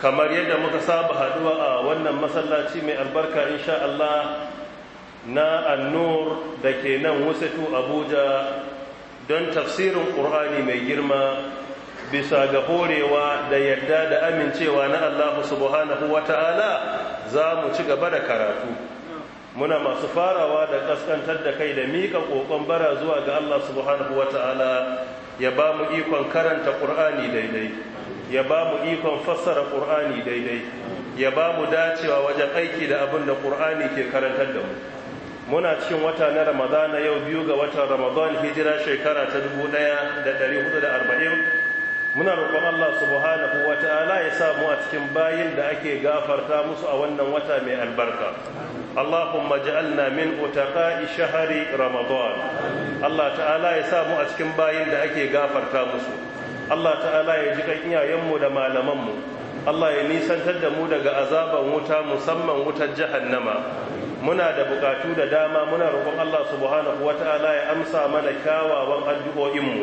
kamar yadda muka saba haduwa a wannan masallaci mai albarka insha Allah na annur da ke nan wasatu abuja don tafsirin ƙur'ani mai girma bisa ga horewa da yadda da amincewa na Allah subhanahu wa ta'ala za mu ci gaba da karatu muna masu farawa da kaskantar da kai da miƙa ƙoƙon bara zuwa ga Allah subhanahu wa ta'ala ya ba mu ikon karanta ƙur'ani daidai ya ba mu ikon fassara ƙur'ani daidai ya ba mu dacewa wajen aiki da abin da ƙur'ani ke karantar da mu muna cikin wata na ramadana yau biyu ga watan ramadan hijira shekara ta dubu da 1440 muna roƙon allah subhanahu wa ta'ala ya sa mu a cikin bayin da ake gafarta musu a wannan wata mai albarka min utaqai shahri ramadan Allah Ta'ala ya sa mu a cikin bayin da ake gafarta musu Allah ta'ala ya ji kan iyayenmu da malamanmu Allah ya nisantar da mu daga azaban wuta musamman wutar jahannama muna da bukatu da dama muna roƙon Allah subhanahu wata'ala ya amsa mana kyawawan addu'o'inmu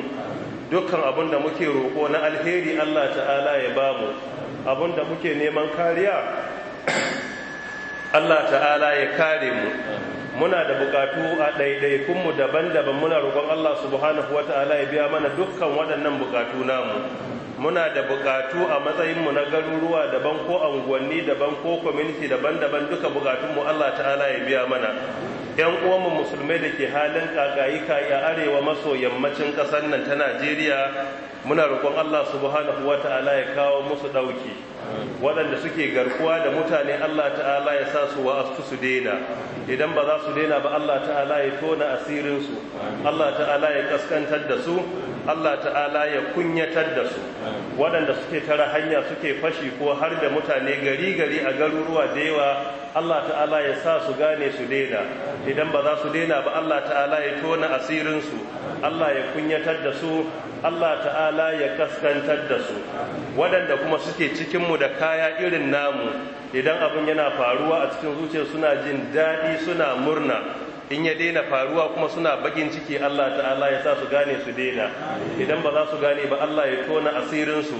dukkan abin da muke roƙo na alheri Allah ta'ala ya bamu abin da muke neman kariya Allah ta'ala ya kare mu muna da bukatu a ɗaiɗaikunmu daban-daban muna roƙon Allah subhanahu wa ta'ala ya biya mana dukkan waɗannan bukatu namu muna da bukatu a matsayinmu na garuruwa daban ko unguwanni daban ko kwaminiti daban-daban duka bukatunmu Allah ta'ala ya biya mana yan uwanmu musulmai da ke halin kakayi kayi a arewa maso yammacin ƙasar nan ta najeriya muna roƙon Allah subhanahu wa ta'ala ya kawo musu ɗauki waɗanda suke garkuwa da mutane Allah ta'ala ya sa su wa'astu su daina idan ba za su daina ba Allah ta'ala ya tona asirinsu Allah ta'ala ya kaskantar da su Allah ta'ala ya kunyatar da su waɗanda suke tara hanya suke fashi ko har da mutane gari gari a garuruwa da yawa Allah ta'ala ya sa su gane su daina idan ba za su daina ba Allah ta'ala ya tona asirinsu Allah ya kunyatar da su Allah ta'ala ya kaskantar da su waɗanda kuma suke cikin mu da kaya irin namu idan abin yana faruwa a cikin zuciya suna jin daɗi suna murna in ya daina faruwa kuma suna bakin ciki Allah ta'ala ya sa su gane su daina idan ba za su gane ba Allah ya tona asirinsu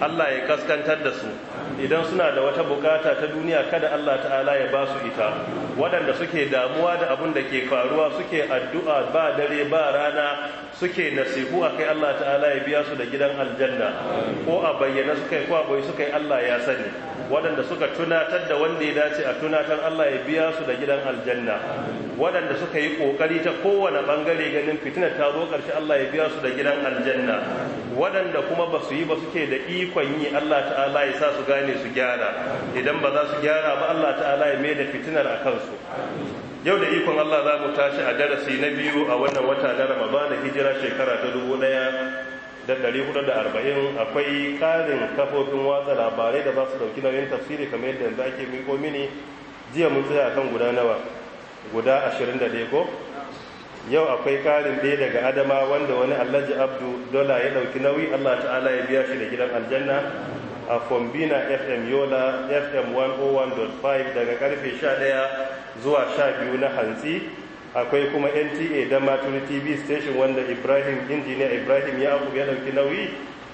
Allah ya kaskantar da su idan suna da wata bukata ta duniya kada Allah ta'ala ya ba su ita waɗanda suke damuwa da abun da ke faruwa suke addu'a ba dare ba rana suke nasihu a kai Allah ta'ala ya biya su da gidan aljanna ko a bayyana suka yi kwaɓoyi suka yi Allah ya sani waɗanda suka tunatar da wanda ya dace a tunatar Allah ya biya su da gidan aljanna waɗanda waɗanda suka yi ƙoƙari ta kowane ɓangare ganin fitina ta zo ƙarshe Allah ya biya su da gidan aljanna waɗanda kuma ba su yi ba suke da ikon yi Allah ta'ala ya sa su gane su gyara idan ba za su gyara ba Allah ta'ala ya mai da fitinar a kansu yau da ikon Allah za mu tashi a darasi na biyu a wannan wata na Ramadana hijira shekara ta dubu ɗaya da ɗari hudu da arba'in akwai ƙarin kafofin watsa labarai da za su ɗauki nauyin tafsiri kamar yadda yanzu ake miko mini jiya mun tsaya kan guda nawa guda ashirin 21 ko yau akwai karin ɗaya daga adama wanda wani alhaji abdu dola ya ɗauki nauyi allah ta'ala ya biya shi da gidan aljanna a fombina fm yola fm 101.5 daga karfe 11 zuwa 12 na hantsi akwai kuma nta da maturi tv station wanda ibrahim injiniya ibrahim ya abu ya ɗauki nauyi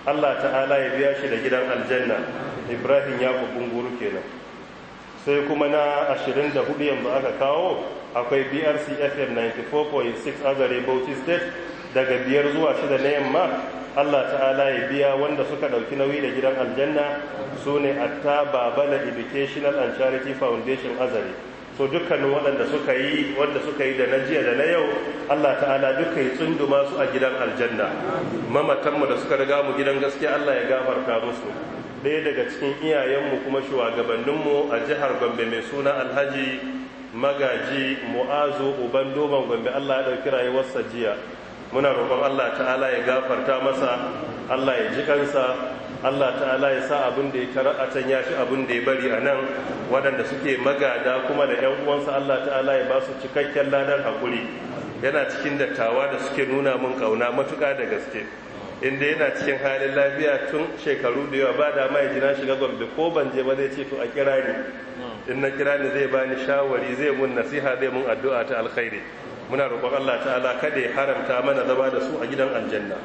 allah ta'ala ya biya shi da gidan aljanna ibrahim ya bunguru kenan sai kuma na 24 yanzu aka kawo akwai brc fm 94.6 azare bauchi state daga biyar zuwa shida na yamma allah ta'ala ya biya wanda suka ɗauki nauyi da gidan aljanna su ne atta babala educational and charity foundation azare so dukkanin waɗanda suka yi wanda suka yi da na jiya da na yau allah ta'ala duka yi tsunduma su a gidan aljanna mamatanmu da suka riga mu gidan gaskiya allah ya gafarta musu ɗaya daga cikin iyayenmu kuma shugabanninmu a jihar gombe mai suna alhaji magaji mu'azu uban doban gombe allah ya ɗauki rayuwarsa jiya muna roƙon allah ta'ala ya gafarta masa allah ya ji kansa allah ta'ala ya sa abin da ya tara a can ya fi abin da ya bari a nan waɗanda suke magada kuma da 'yan uwansa allah ta'ala ya ba su cikakken ladar hakuri. yana cikin dattawa da suke nuna mun ƙauna matuƙa da gaske inda yana cikin halin lafiya tun shekaru da yawa ba da mai jina shiga gwamnati ko ban je ba zai ce to a kira ni in na kira ni zai bani shawari zai mun nasiha zai mun addu'a ta alkhairi muna roƙon Allah ta'ala kada ya haramta mana zama da su a gidan aljanna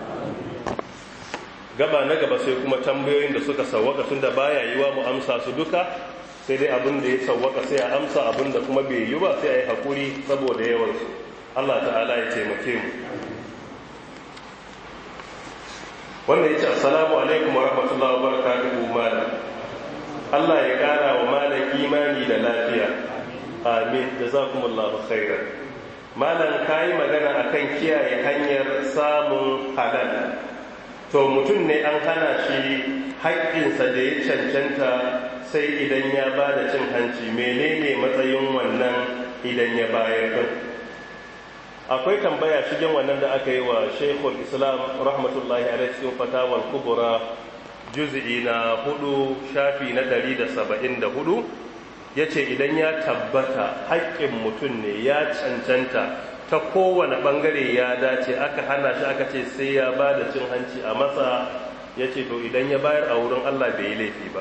gaba na gaba sai kuma tambayoyin da suka sawwaka tunda baya yiwa mu amsa su duka sai dai abin da ya sawwaka sai a amsa abin da kuma bai yi ba sai a yi hakuri saboda yawan su Allah ta'ala ya taimake mu Wanda ya ce assalamu alaikum wa rahmatullahi wa barakatuhu malam Allah ya kara wa malam imani da lafiya amin jazakumullahu khairan malam kai magana akan kiyaye hanyar samun halal to mutum ne an hana shi haƙƙinsa da ya cancanta sai idan ya ba da cin hanci menene matsayin wannan idan ya bayar din akwai tambaya cikin wannan da aka yi wa shekul islam rahmatullahi alaihi cikin fatawar kubura juzi'i na hudu shafi na dari da saba'in da hudu ya ce idan ya tabbata haƙƙin mutum ne ya cancanta ta kowane bangare ya dace aka hana shi aka ce sai ya ba da cin hanci a masa ya ce to idan ya bayar a wurin allah bai yi laifi ba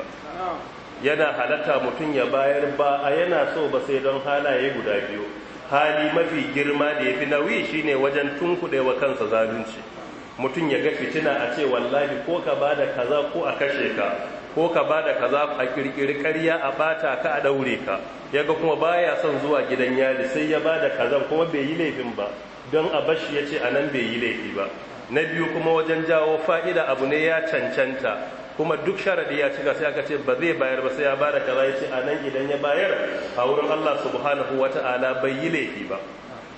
yana halatta mutum ya bayar ba a yana so ba sai don halaye guda biyu hali mafi girma da ya fi nauyi shine wajen tunkuɗewa kansa zalunci mutum ya ga fitina a ce wallahi ko ka ba da kaza ko a kashe ka ko ka ba da kaza a kirkiri karya a ɓata ka a ɗaure ka ya ga kuma baya son zuwa gidan yari sai ya ba da kaza kuma bai yi laifin ba don a bashi ya ce a nan bai yi laifi ba na biyu kuma wajen jawo fa'ida abu ne ya cancanta kuma duk sharadi ya cika sai aka ce ba zai bayar ba sai ya bada kaza ya ce a nan idan ya bayar a wurin Allah subhanahu wata'ala bai yi laifi ba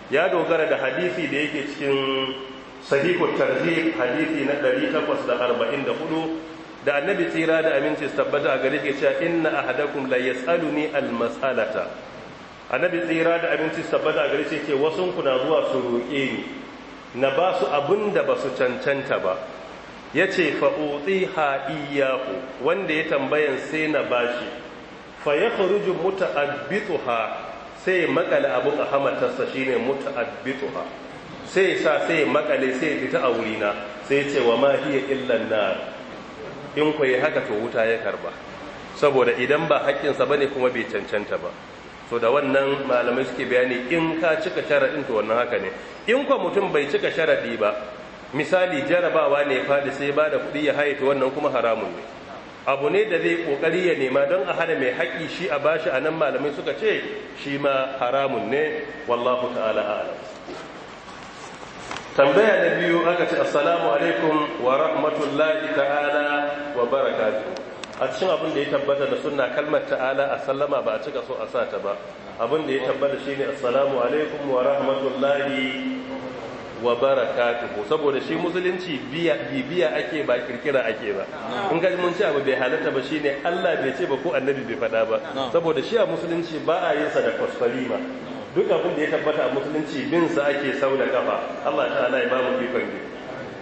ya dogara da hadisi da yake cikin sahihut tarhib hadisi na 844 da annabi tsira da aminci su tabbata a gare ke cewa inna ahadakum la yas'aluni al-mas'alata annabi tsira da aminci tabbata a gare ce wasun ku na zuwa su roƙe ni na ba su abin da ba su cancanta ba ya ce fa'o'ti ha'iyahu wanda ya tambayan sai na bashi fa ya faruji ha, sai makale abin a hamatarsa shi ne ha, sai sa sai makale sai fita a wurina sai ce wa ma iya illan na in ku yi haka to wuta ya karba saboda idan ba haƙƙinsa ba ne kuma bai cancanta ba so da wannan malamai suke bayani in ka cika sharaɗin to wannan haka ne in kwa mutum bai cika sharaɗi ba misali jarabawa ne ya fadi sai ba da kuɗi ya haifi wannan kuma haramun ne abu ne da zai kokari ya nema don a hana mai haƙƙi shi a bashi a nan malamai suka ce shi ma haramun ne wallahu ta'ala a'lam tambaya na biyu aka ce assalamu alaikum wa rahmatullahi ta'ala wa barakatuh a cikin abin da ya tabbata da sunna kalmar ta'ala a sallama ba a cika so a sa ta ba abin da ya tabbata shine assalamu alaikum wa rahmatullahi wa barakatuhu saboda shi musulunci biya bibiya ake ba kirkira ake ba in ga mun ci abu bai halatta ba shine Allah bai ce ba ko annabi bai faɗa ba saboda shi a musulunci ba a yin sa da kwasfalima duk abin da ya tabbata a musulunci bin sa ake sau da kafa Allah ta'ala ya ba mu bikon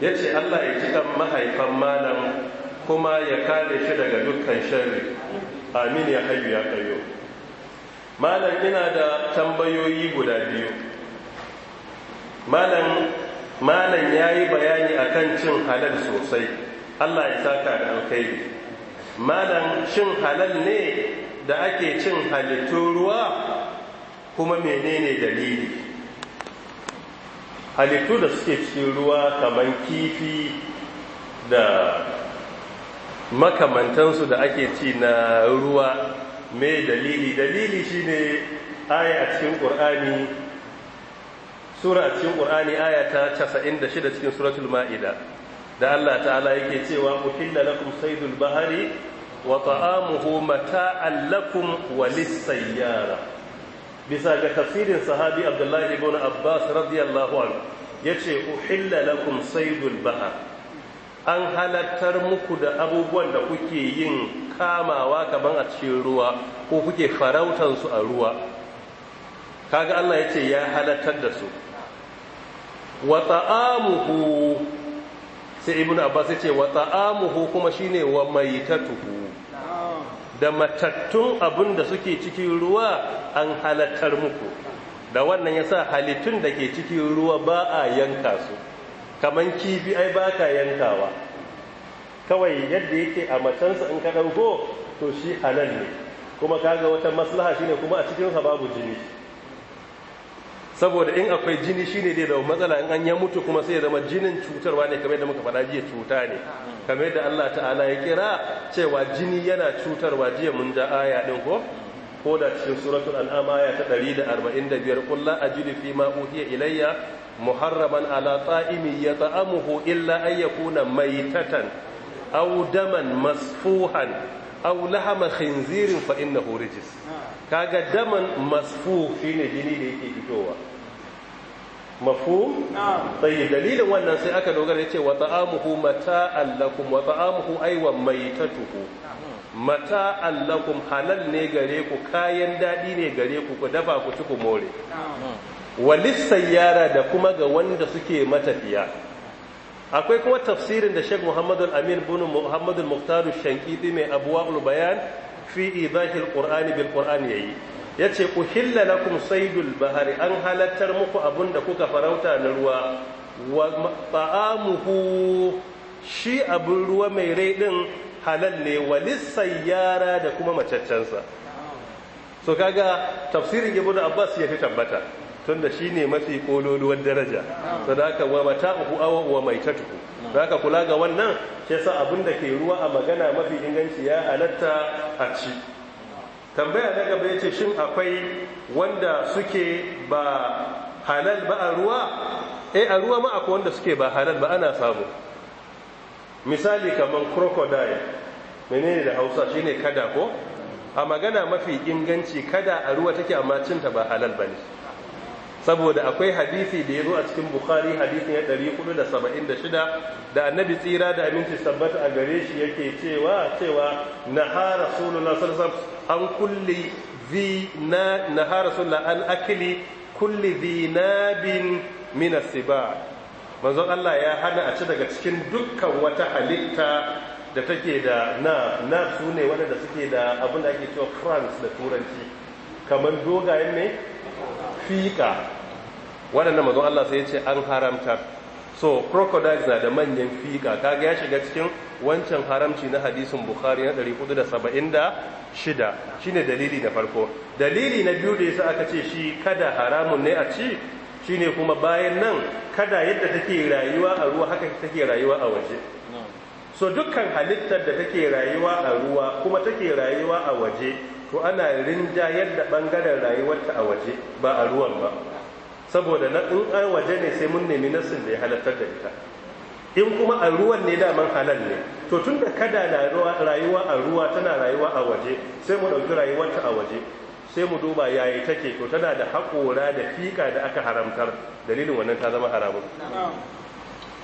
ya ce Allah ya cika mahaifan malam kuma ya kare shi daga dukkan sharri amin ya hayyu ya qayyum malam ina da tambayoyi guda biyu malam ya yi bayani a kan cin halal sosai allah ya saka da alkhairi malam shin halal ne da ake cin halittun ruwa kuma menene dalili halittu da suke cikin ruwa kamar kifi da makamantansu da ake ci na ruwa mai dalili dalili shine aya a cikin ƙur'ani sura a cikin qur'ani aya ta 96 cikin suratul ma'ida da Allah ta'ala yake cewa uhilla lakum saydul bahari wa ta'amuhu mata'an lakum wa lis-sayyara bisa ga tafsirin sahabi Abdullahi ibn Abbas radiyallahu anhu yace uhilla lakum saydul bahar an halattar muku da abubuwan da kuke yin kamawa kaman a cikin ruwa ko kuke farautan su a ruwa kaga Allah yace ya halattar da su wa ta'amuhu sai ibn abbas ya ce wa ta'amuhu kuma shine wa maitatuhu da matattun abin da suke cikin ruwa an halattar muku da wannan yasa halittun da ke cikin ruwa ba a yanka su kaman kifi ai ba ka yankawa kawai yadda yake a matansa in ka ɗauko to shi halal ne kuma kaga wata maslaha shine kuma a cikinsa babu jini saboda in akwai jini shine zai da matsala in an ya mutu kuma sai zama jinin cutarwa ne kamar yadda muka faɗa jiya cuta ne kamar da Allah ta'ala ya kira cewa jini yana cutarwa jiya mun ja aya din ko ko da cikin suratul an'am aya ta 145 qul la ajidu fi ma uhiya ilayya muharraman ala ta'imi yata'amuhu illa an yakuna maytatan aw daman masfuhan aw lahama khinzirin fa innahu rijis kaga daman masfu shine jini da yake fitowa mafu? tsaye dalilin wannan sai aka dogara ya ce wa ta'amuhu mata'an lakum wa ta'amuhu mai ta tuku. Hmm. mata'an lakum halal ne gare ku kayan daɗi ne gare ku ku dafa ku ci ku more walisai yara da kuma ga wanda suke matafiya akwai kuma tafsirin da Sheikh Muhammad amin bin Muhammad Al-Muqtar mai Abwaul Bayan fi idahil Qur'ani bil ya yi. ya ce ku hilla lakum saidul bahari an halattar muku abun da kuka farauta na ruwa wa muku shi abin ruwa mai rai din halal ne yara da kuma macaccensa so kaga tafsirin ibn abbas ya fi tabbata Tun da tunda shine mafi kololuwar daraja ta uku awa wa mai ta tuku. Da zaka kula ga wannan shi yasa abin da ke ruwa a magana mafi inganci ya halatta a ci tambaya na gaba ya ce shin akwai wanda suke ba halal ba a ruwa eh a ruwa ma akwai wanda suke ba halal ba ana samu misali kamar crocodile menene da hausa shine kada ko a magana mafi inganci kada a ruwa take amma cinta ba halal ba ne saboda akwai hadisi da ya zo a cikin bukhari hadisin ya 476 da annabi tsira da aminci sabbata a gare shi yake cewa cewa naha rasulullah sarsaf an kulli zi na hara rasulullah an akili kulli zinabin min asiba manzon Allah ya hana a ci daga cikin dukkan wata halitta da take da na na sune waɗanda suke da abin da ake cewa France da turanci kamar dogayen ne fiƙa waɗannan mazan Allah sai ce an haramta so crocodiles na da manyan fiƙa kaga ya shiga cikin wancan haramci na hadisin bukhari na 476 shine dalili na farko dalili na biyu da yasa aka ce shi kada haramun ne a ci shine kuma bayan nan kada yadda take rayuwa a ruwa haka take rayuwa a waje so dukkan halittar da take rayuwa a ruwa kuma take rayuwa a waje to ana rinjayar da ɓangaren rayuwarta a waje ba a ruwan ba saboda na in an waje ne sai mun nemi nasin da ya halartar da ita in kuma a ruwan ne daman halal ne to tunda kada na rayuwa a ruwa tana rayuwa a waje sai mu ɗauki rayuwarta a waje sai mu duba yayi take to tana da haƙora da fika da aka haramtar dalilin wannan ta zama haramun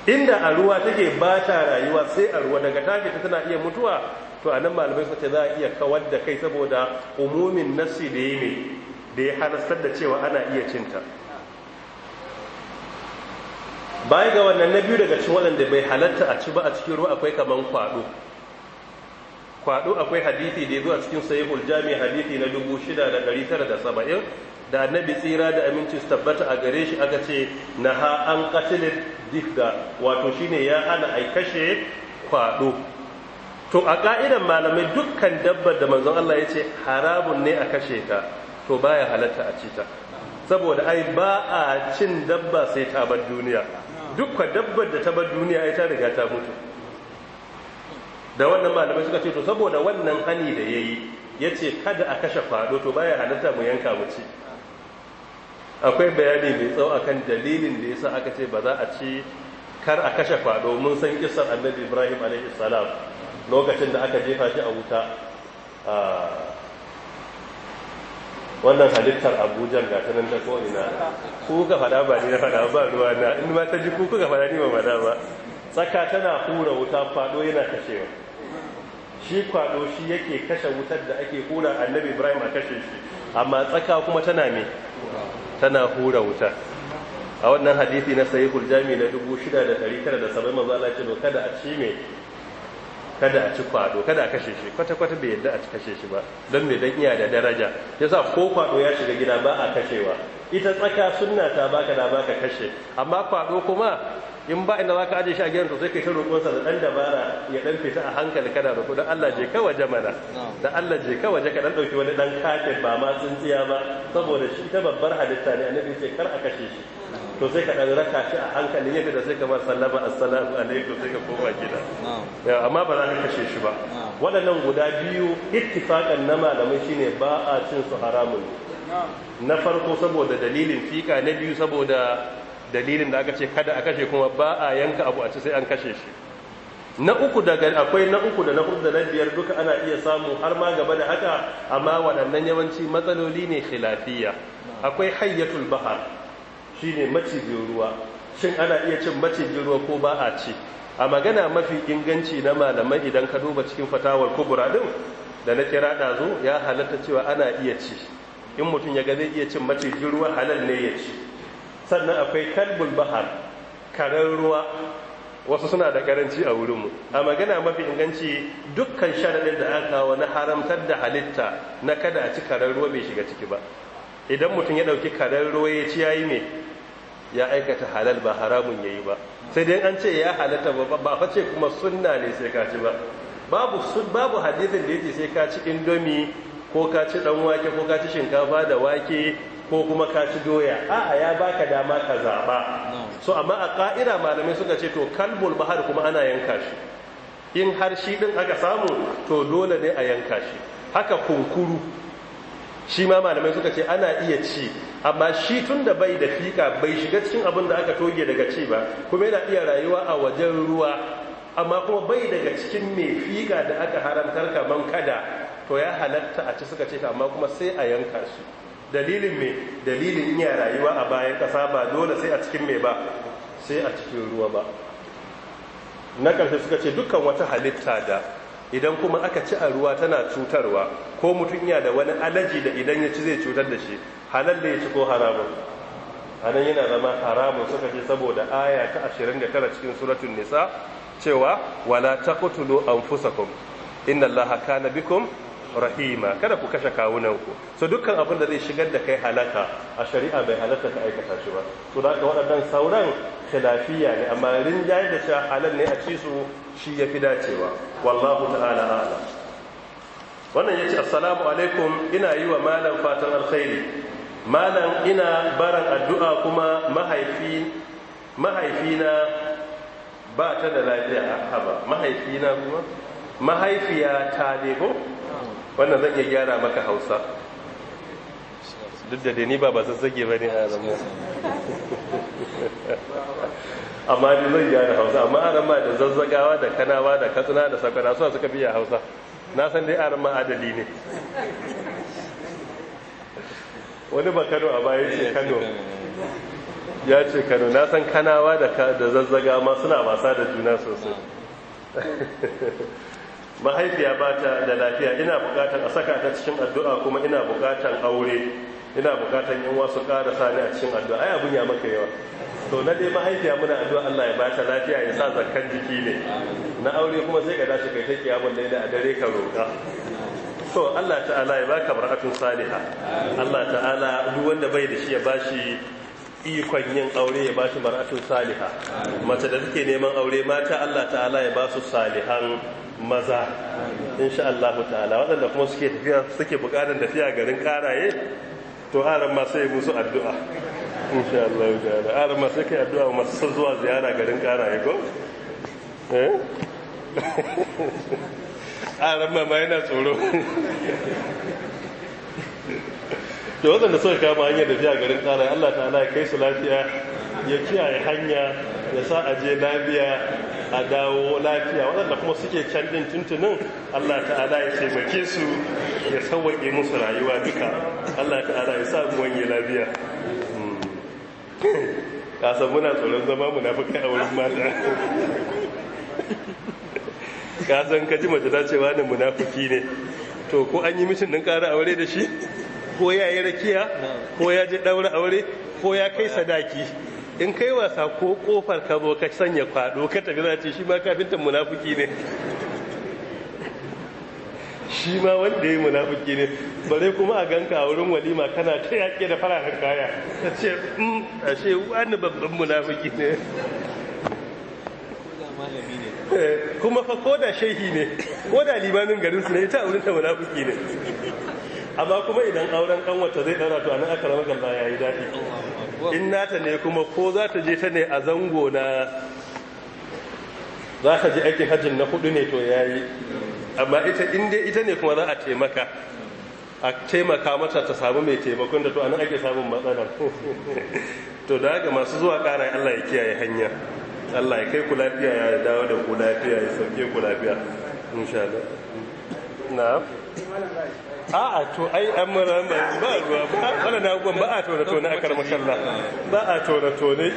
inda a ruwa take ba ta rayuwa sai a ruwa daga ta tana iya mutuwa to anan malamai suka ce za a iya kawar da kai saboda umumin nassi da ya ne da ya halastar da cewa ana iya cinta baya ga wannan na biyu daga cikin waɗanda bai halatta a ci ba a cikin ruwa akwai kaman kwaɗo kwaɗo akwai hadithi da ya zo a cikin sahihul jami hadithi na 6970 da annabi tsira da aminci su tabbata a gare shi aka ce na ha an katilin difda wato shine ya ana ai kashe kwaɗo to a ƙa'idan malamai dukkan dabbar da manzon Allah ya ce harabun ne a kashe ta to ba ya halatta a cita ta saboda ai ba a cin dabba sai ta bar duniya dukkan dabbar da ta bar duniya ai ta riga ta mutu da wannan malamai suka ce to saboda wannan hani da ya yi, yace kada a kashe fado to ba ya halatta mu yanka mu ci akwai bayani mai tsawo akan dalilin da yasa aka ce ba za a ci kar a kashe fado mun san kisar annabi Ibrahim alaihi salam lokacin da aka jefa shi a wuta wannan halittar abuja ga ta nan ta ko'ina ku ga fada ba ni na fada ba ruwa na in ma ta ji ku ga fada ni ba fada ba tsaka tana hura wuta fado yana kashewa shi kwado shi yake kashe wutar da ake hura annabi ibrahim a kashe shi amma tsaka kuma tana me tana hura wuta a wannan hadisi na sahihul jami na 6970 manzo Allah ya ce kada a ci me kada a ci kwado kada a kashe shi kwata-kwata bai yadda a kashe shi ba don mai dan iya da daraja yasa ko kwado ya shiga gida ba a kashewa ita tsaka sunna ta baka da baka kashe amma kwado kuma in ba inda zaka ajiye shi a gidan sosai kai ta roƙonsa sa da ɗan dabara ya ɗan fita a hankali kada roƙo dan Allah je ka waje mana da Allah je ka waje ka ɗan ɗauki wani ɗan kafin ba ma tsintsiya ba saboda shi ta babbar halitta ne annabi ce kar a kashe shi to sai ka ɗan raka shi a hankali yadda da sai ka bar sallama assalamu alaikum sai ka koma gida amma ba za ka kashe shi ba waɗannan guda biyu ittifaqan na malamai shine ba a cin su haramun na farko saboda dalilin fika na biyu saboda dalilin da aka ce kada a kashe kuma ba a yanka abu a ci sai an kashe shi na uku daga akwai na uku da na hudu da na biyar duka ana iya samu har ma gaba da haka amma waɗannan yawanci matsaloli ne khilafiyya akwai hayyatul bahar Shi ne macijin ruwa shin ana iya cin macijin ruwa ko ba a ci a magana mafi inganci na malamai idan ka duba cikin fatawar kubura din da na kira ɗazu ya halatta cewa ana iya ci in mutum ya ga zai iya cin macijin ruwa halal ne ya ci sannan akwai kalbul bahar karar ruwa wasu suna da karanci a wurinmu a magana mafi inganci dukkan sharaɗin da aka kawo na haramtar da halitta na kada a ci karar ruwa bai shiga ciki ba idan mutum ya ɗauki karen ruwa ya ci yayi ne, ya aikata halal ba haramun yayi ba sai dai an ce ya halatta ba ba fa ce kuma sunna ne sai ka ci ba babu babu hadisin da yake sai ka ci indomi ko ka ci dan wake ko ka ci shinkafa da wake ko kuma ka ci doya a'a ya baka dama ka zaba so amma a ka'ira malamai suka ce to kalbul bahar kuma ana yanka shi in har shi din aka samu to dole ne a yanka shi haka kunkuru shi ma malamai suka ce ana iya ci amma shi tun da bai da fika bai shiga cikin abin da aka toge daga ci ba kuma yana iya rayuwa a wajen ruwa amma kuma bai daga cikin mai fika da aka haramtar kaman kada to ya halatta a ci suka ce amma kuma sai a yanka su dalilin me dalilin iya rayuwa a bayan kasa ba dole sai a cikin me ba sai a cikin ruwa ba na ƙarshe suka ce dukkan wata halitta da idan kuma aka ci a ruwa tana cutarwa ko mutum ya da wani alaji da idan ya ci zai cutar da shi halal da ya ci ko haramun hannun yana zama haramun suka ce saboda aya ta ashirin da tara cikin suratun nisa cewa wala ta taqtulu anfusakum inna allaha kana bikum rahima kada ku kashe kawunanku so dukkan abin da zai shigar da kai halaka a shari'a bai halatta ka aikata shi ba so da waɗannan sauran khilafiya ne amma rinjaye da cewa halal ne a ci su shi ya fi dacewa wallahu ta'ala a'lam wannan yace assalamu alaikum ina yi wa malam fatan alkhairi malam ina baran addu'a kuma mahaifi mahaifina ba ta da lafiya haba mahaifina kuma mahaifiya ta ne wannan zan iya gyara maka hausa duk da ni ba ba zazzage ba ne a zamanin amma dai zan gyara hausa amma aran ma da zazzagawa da kanawa da katsina da sakwara suna suka biya hausa na san dai aran ma adali ne wani ba kano a baya ce kano ya ce kano na san kanawa da zazzaga ma suna wasa da juna sosai mahaifiya ba ta da lafiya ina bukatar a saka ta cikin addu'a kuma ina bukatar aure ina bukatan yan wasu ƙara sani a cikin addu'a ai abun ya maka yawa to na dai mahaifiya muna addu'a Allah ya bata lafiya ya sa zakkan jiki ne na aure kuma sai ka dace kai ta kiyamun laila a dare ka roƙa to Allah ta'ala ya baka barakatun saliha Allah ta'ala duk wanda bai da shi ya bashi ikon yin aure ya bashi mar'atun saliha mace da take neman aure mata Allah ta'ala ya basu salihan maza insha Allah ta'ala Wadanda kuma suke tafiya suke bukatar tafiya garin karaye to haram ma sai musu addu'a insha Allah ta'ala haram ma sai kai addu'a masu son zuwa ziyara garin karaye ko eh haram ma yana tsoro to wadanda suka kama hanyar da fiya garin tsara Allah ta'ala ya kai su lafiya ya kiyaye hanya ya sa a je lafiya a dawo lafiya waɗanda kuma suke can din tuntunin Allah ta'ala ya taimake su ya sauwaƙe musu rayuwa duka Allah ta'ala ya sa mu wanye lafiya hmm. ka san muna tsoron zama munafukai a wurin mata ka san ka ji mace ta cewa ne munafiki ne to ko an yi mishin din ƙara aure da shi ko ya yi rakiya ko ya ji ɗaura aure ko ya kai sadaki in kai wasa ko kofar ka zo ka sanya kwado ka tafi za ce shi ma kafintan munafuki ne shi ma wanda ya yi munafuki ne bare kuma a ganka a wurin walima kana ta yaƙe da fararen kaya ta ce mm, a ce wani babban munafuki ne eh, kuma fa ko da shehi ne ko da limamin garinsu ne ita a wurin ta munafuki ne amma kuma idan auren kanwata zai ɗaura to anan aka ramakan ba yayi daɗi in nata ne kuma ko za ta je ta ne a zango na za ta je aikin hajjin na hudu ne to yayi amma ita inda ita ne kuma za a taimaka a taimaka mata ta samu mai taimakon da to anan ake samun matsala to da haka masu zuwa ƙara Allah ya kiyaye hanya Allah ya kai ku lafiya ya dawo da ku lafiya ya sauke ku lafiya insha Allah na'am a'a to ai an mura ba ruwa ba na abubuwan ba a tona tone a karamakalla ba a tona tone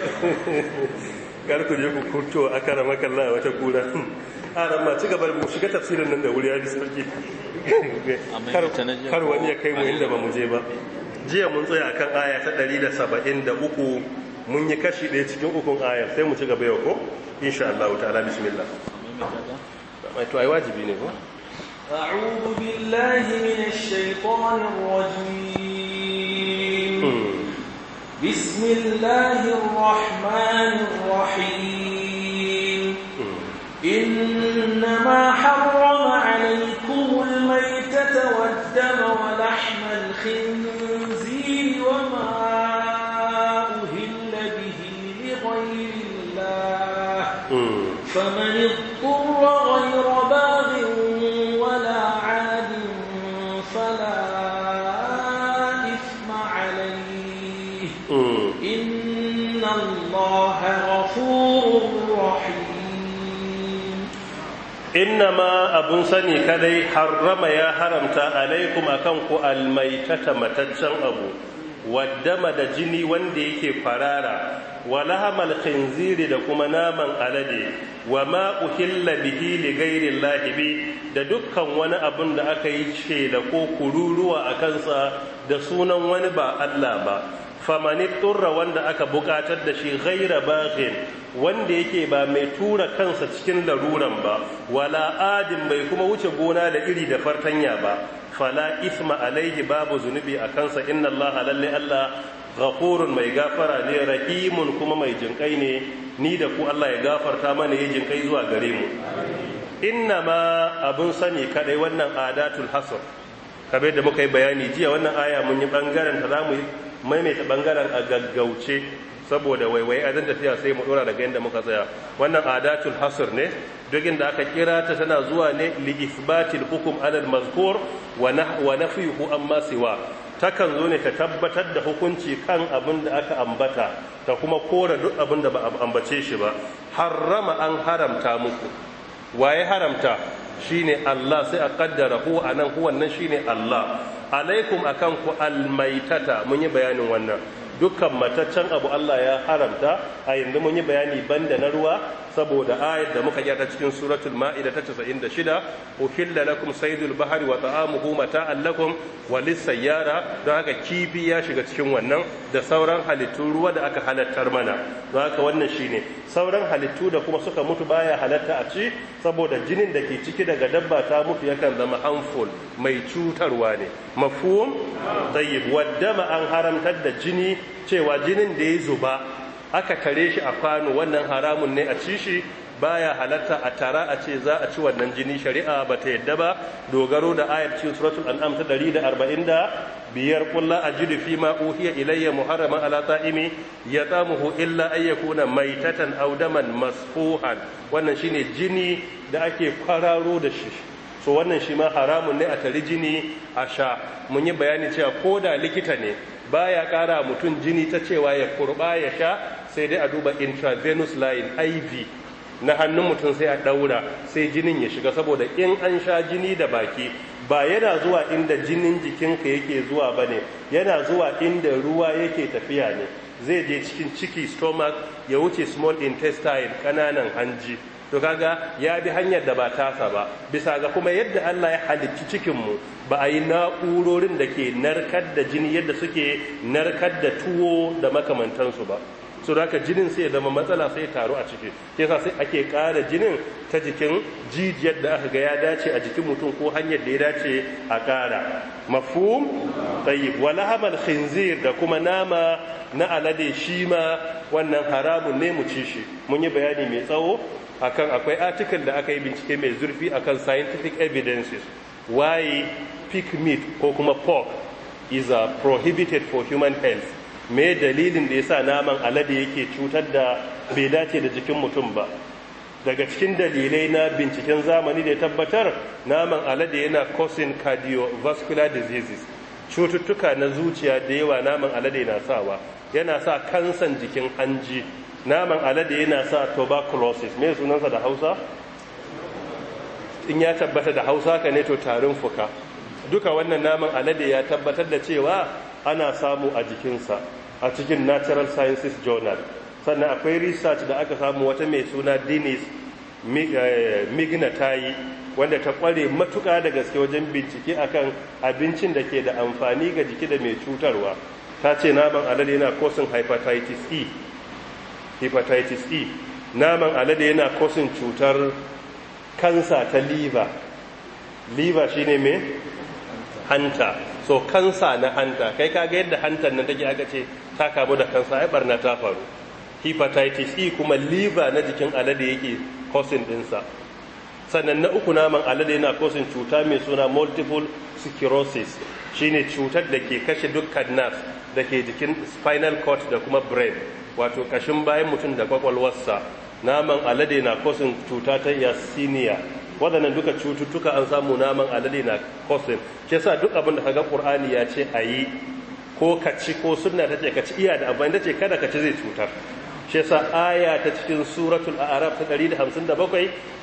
kar ku je ku kurto a karamakalla a wata kura a ma ci gaba mu shiga tafsirin nan da wuri ya bi sarki kar wani ya kai mu inda ba mu je ba jiya mun tsaya akan aya ta 173 mun yi kashi ɗaya cikin ukun ayar sai mu ci gaba yau ko insha Allah ta'ala bismillah mai to ai wajibi ne ko أعوذ بالله من الشيطان الرجيم بسم الله الرحمن الرحيم إنما حرم عليكم الميتة والدم ولحم الخنزير وما أهل به لغير الله فمن اضطر kun sani kadai harrama ya haramta alaikum akan ku almaitata mataccen abu waddama da jini wanda yake farara wa lahamal khinziri da kuma naman alade wa ma uhilla bihi li ghairi lahibi da dukkan wani abun da aka yi ce da ko kururuwa a kansa da sunan wani ba Allah ba famani turra wanda aka bukatar da shi ghaira baghin wanda yake ba mai tura kansa cikin laruran ba wala adin bai kuma wuce gona da iri da fartanya ba fala isma alaihi babu zunubi a kansa inna Allah lalle Allah ghafurun mai gafara ne rahimun kuma mai jinkai ne ni da ku Allah ya gafarta mana ya jinkai zuwa gare mu inna ma abun sani kadai wannan adatul hasr kabe da muka yi bayani jiya wannan aya mun yi bangaren ta zamu maimaita bangaren a gaggauce saboda waiwai azan tafiya sai mu dora daga yadda muka tsaya wannan adatul hasr ne duk inda aka kira ta tana zuwa ne li isbatil hukm al mazkur wa wa nafihu amma siwa takan zo ne ta tabbatar da hukunci kan abin da aka ambata ta kuma kora duk abin da ba ambace shi ba harrama an haramta muku waye haramta shine Allah sai a kaddara hu anan huwan nan shine Allah alaikum akan ku almaitata mun yi bayanin wannan dukkan mataccen abu Allah ya haramta a yanzu mun yi bayani banda na ruwa saboda ayar da muka ta cikin suratul ma'ida ta 96 uhilla lakum saydul bahri wa ta'amuhu mata'an lakum wa lisayyara don haka kifi ya shiga cikin wannan da sauran halittu ruwa da aka halattar mana don haka wannan shine sauran halittu da kuma suka mutu baya halatta a ci saboda jinin da ke ciki daga dabba ta mutu yakan zama harmful mai cutarwa ne mafhum tayyib wadda an haramtar da jini cewa jinin da ya zuba aka kare shi a kwano wannan haramun ne a ci shi baya halatta a tara a ce za a ci wannan jini shari'a ba ta yadda ba dogaro da ayat cikin suratul an'am ta da biyar kullu ajidu fi ma uhiya ilayya muharrama ala ta'imi yatamuhu illa ay yakuna maitatan aw daman masfuhan wannan shine jini da ake kwararo da shi so wannan shi ma haramun ne a tari jini a sha mun yi bayani cewa ko da likita ne baya kara mutum jini ta cewa ya kurba ya sha sai dai a duba intravenous line iv na hannun mutum sai a daura sai jinin ya shiga saboda in an sha jini da baki ba yana zuwa inda jinin jikinka yake zuwa ba ne yana zuwa inda ruwa yake tafiya ne zai je cikin ciki stomach ya wuce small intestine kananan hanji to kaga ya bi hanyar da ba tasa ba bisa ga kuma yadda Allah ya halicci cikinmu ba a yi na'urorin da ke narkar da jini yadda suke narkar da tuwo da makamantansu ba so da jinin sai ya zama matsala sai taro a ciki ke sa sai ake ƙara jinin ta jikin jijiyar da aka ga ya dace a jikin mutum ko hanyar da ya dace a kara mafhum tayyib wala hamal khinzir da kuma nama na alade shi ma wannan haramun ne mu ci shi mun yi bayani mai tsawo akan akwai article da aka yi bincike mai zurfi akan scientific evidences why pig meat ko kuma pork is a uh, prohibited for human health me dalilin da ya sa naman alade yake cutar da bai dace da jikin mutum ba daga cikin dalilai na binciken zamani da ya tabbatar naman alade yana causing cardiovascular diseases cututtuka na zuciya da yawa naman alade na sawa yana sa kansan jikin hanji naman alade yana sa tuberculosis me sunansa da hausa in ya tabbata da hausa ka ne to tarin fuka duka wannan naman alade ya tabbatar da cewa ana samu a jikinsa a cikin natural sciences journal sannan akwai research da aka samu wata mai suna dennis eh, mignatayi wanda ta kware matuka da gaske wajen bincike akan abincin da ke da amfani ga jiki da mai cutarwa ta ce naman alade yana kosin hepatitis e hepatitis e naman alade yana kosin cutar kansa ta liver liver shine mai hanta so kansa na hanta kai kaga yadda hantar nan take aka ce ta kamu da kansa ai barna ta faru hepatitis E kuma liver na jikin alade yake causing dinsa sannan na uku naman alade yana causing cuta mai suna multiple sclerosis shine cutar da ke kashe dukkan nerves da ke jikin spinal cord da kuma brain wato kashin bayan mutum da kwakwalwarsa naman alade na causing cuta ta yasinia waɗannan duka cututtuka an samu naman alade na kosin ke sa duk abin da kaga ƙur'ani ya ce a yi ko ka ci ko suna ta ce ka ci iya da abin da ce kada ka ci zai cutar Ke sa aya ta cikin suratul arab ta 157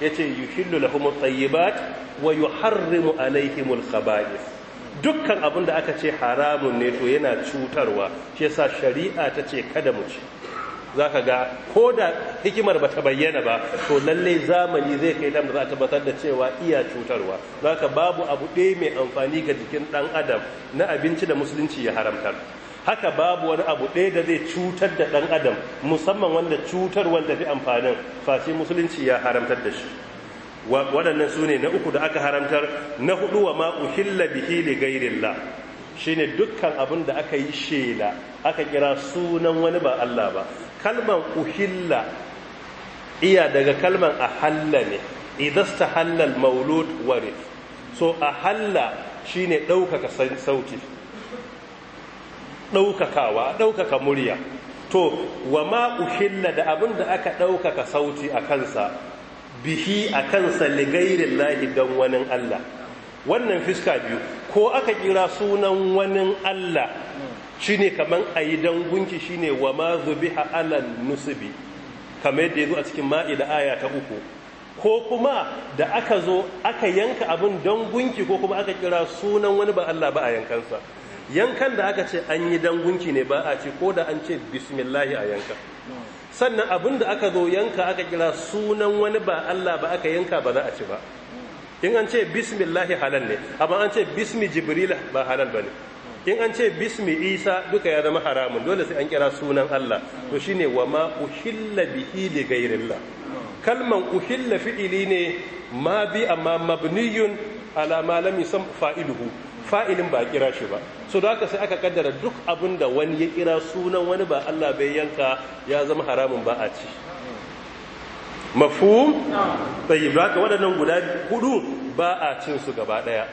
yace yuhillu lahum at-tayyibat wa yuharrimu harrimu al-khaba'ith dukkan abin da aka ce haramun ne to yana cutarwa ke sa shari'a ta ce kada mu ci za ka ga ko da hikimar ba ta bayyana ba to lalle zamani zai kai da za a tabbatar da cewa iya cutarwa za ka babu abu ɗaya mai amfani ga jikin ɗan adam na abinci da musulunci ya haramtar haka babu wani abu ɗaya da zai cutar da ɗan adam musamman wanda cutar wanda fi amfanin fashe musulunci ya haramtar da shi waɗannan su ne na uku da aka haramtar na hudu wa ma'u hilla bihi la shi shine dukkan abin da aka yi shela aka kira sunan wani ba Allah ba kalman uhilla iya daga kalman ahalla ne idasta halal maulud warif so ahalla shine ɗaukaka sauti ɗaukakawa ɗaukaka murya to wa ma uhilla da abin da aka ɗaukaka sauti a kansa bihi a kansa ligairin lLahi don wani Allah wannan fiska biyu ko aka kira sunan wani Allah shine kaman ayi dangunki shi shine wa ma a alan nusubi kamar yadda zo a cikin ma'ida aya ta uku ko kuma da aka zo aka yanka abin dangunki ko kuma aka kira sunan wani ba Allah ba a yankansa yankan da aka ce an yi dangunki ne ba a ce ko da an ce bismillahi a yanka sannan abin da aka zo yanka aka kira sunan wani ba Allah ba aka yanka ba za a ci ba in an ce bismillahi halal ne amma an ce bismi jibril ba halal ba ne in an ce bismi isa duka ya zama haramun dole sai an kira sunan Allah to shine wa ma uhilla bihi li ghairillah kalman uhilla fi'ili ne ma bi amma mabniyun ala ma lam yusam fa'iluhu fa'ilin ba kira shi ba so da haka sai aka kaddara duk abun da wani ya kira sunan wani ba Allah bai yanka ya zama haramun ba a ci mafhum tayyib haka waɗannan guda hudu ba a cin su gaba daya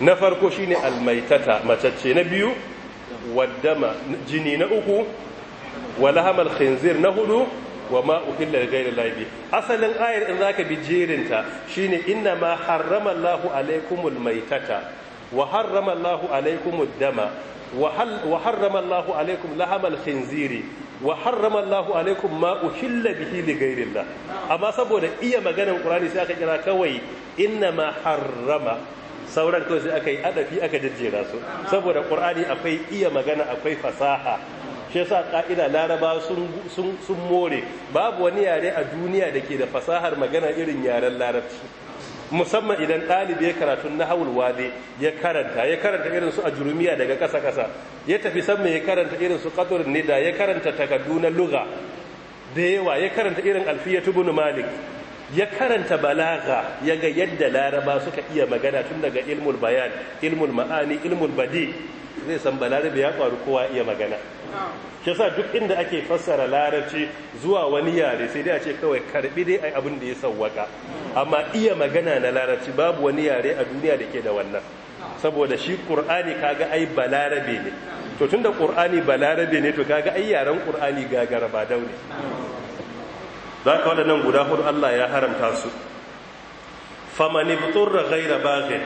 na farko shi ne almaitata matacce na biyu waddama jini na uku walahamal khinzir na hudu wa ma uhilla li ghayri llahi asalin ayar in za ka bi jerinta shine inna ma harrama Allahu alaykumul maitata wa harrama Allahu alaykumud dama wa harrama Allahu alaikum lahamal khinziri wa harrama Allahu alaikum ma uhilla bihi li ghayri amma saboda iya maganin ƙur'ani sai aka kira kawai inna ma harama. sauran kawai sai aka yi adafi aka jejjera su saboda ƙur'ani akwai iya magana akwai fasaha shi yasa ka'ida laraba sun more babu wani yare a duniya da ke da fasahar magana irin yaren larabci musamman idan ɗalibi ya karatu na wade ya karanta ya karanta irin su a jurumiya daga ƙasa kasa ya tafi sama ya karanta irin su ne da ya karanta takardu na luga da yawa ya karanta irin alfiyatu ibn malik ya karanta balaga ya ga yadda laraba suka iya magana tun daga ilmul bayan ilmul ma'ani ilmul badi zai san balarabe ya faru kowa iya magana shi sa duk inda ake fassara larabci zuwa wani yare sai dai a ce kawai karbi dai ai abin da ya sauwaka. amma iya magana na larabci babu wani yare a duniya da ke da wannan saboda shi qur'ani kaga ai balarabe ne to tunda qur'ani balarabe ne to kaga ai yaren qur'ani gagara ba daune da haka waɗannan guda hudu Allah ya haramta su famani buturra gaira bagin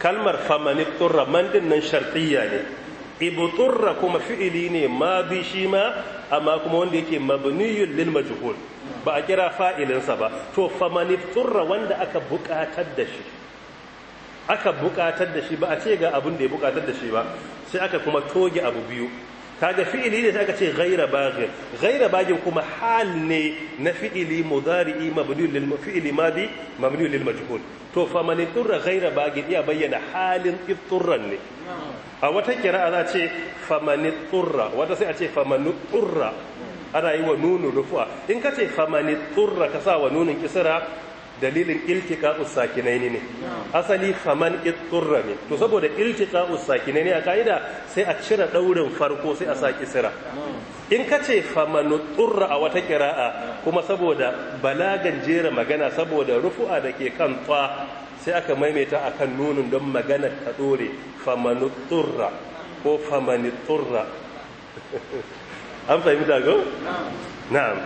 kalmar famani buturra man din nan shartiyya ne ibuturra kuma fi'ili ne ma bi shi ma amma kuma wanda yake mabniyun lil majhul ba a kira fa'ilinsa ba to famani buturra wanda aka buƙatar da shi aka bukatar da shi ba a ce ga abin da ya bukatar da shi ba sai aka kuma toge abu biyu kaga fi'ili ne sai aka ce ghaira baghin ghaira baghin kuma hal ne na fi'ili mudari'i mabni lil fi'ili madi mabni lil majhul to fa man turra ghaira baghin ya bayyana halin itturran ne a wata kira'a za ce fa man turra wata sai a ce fa man turra ana yi wa nunu rufu'a in ka ce fa man turra ka sa wa nunun kisra dalilin iltika sakinaini ne asali khaman itturra ne to saboda iltiqa'us ne a kaida sai a cire daurin farko sai a saki sira in kace famanu itturra a wata kira'a kuma saboda balagan jera magana saboda rufu'a da ke kan tsa sai aka maimaita akan nunun don magana ta dore famanu itturra ko faman itturra an fahimta ga na'am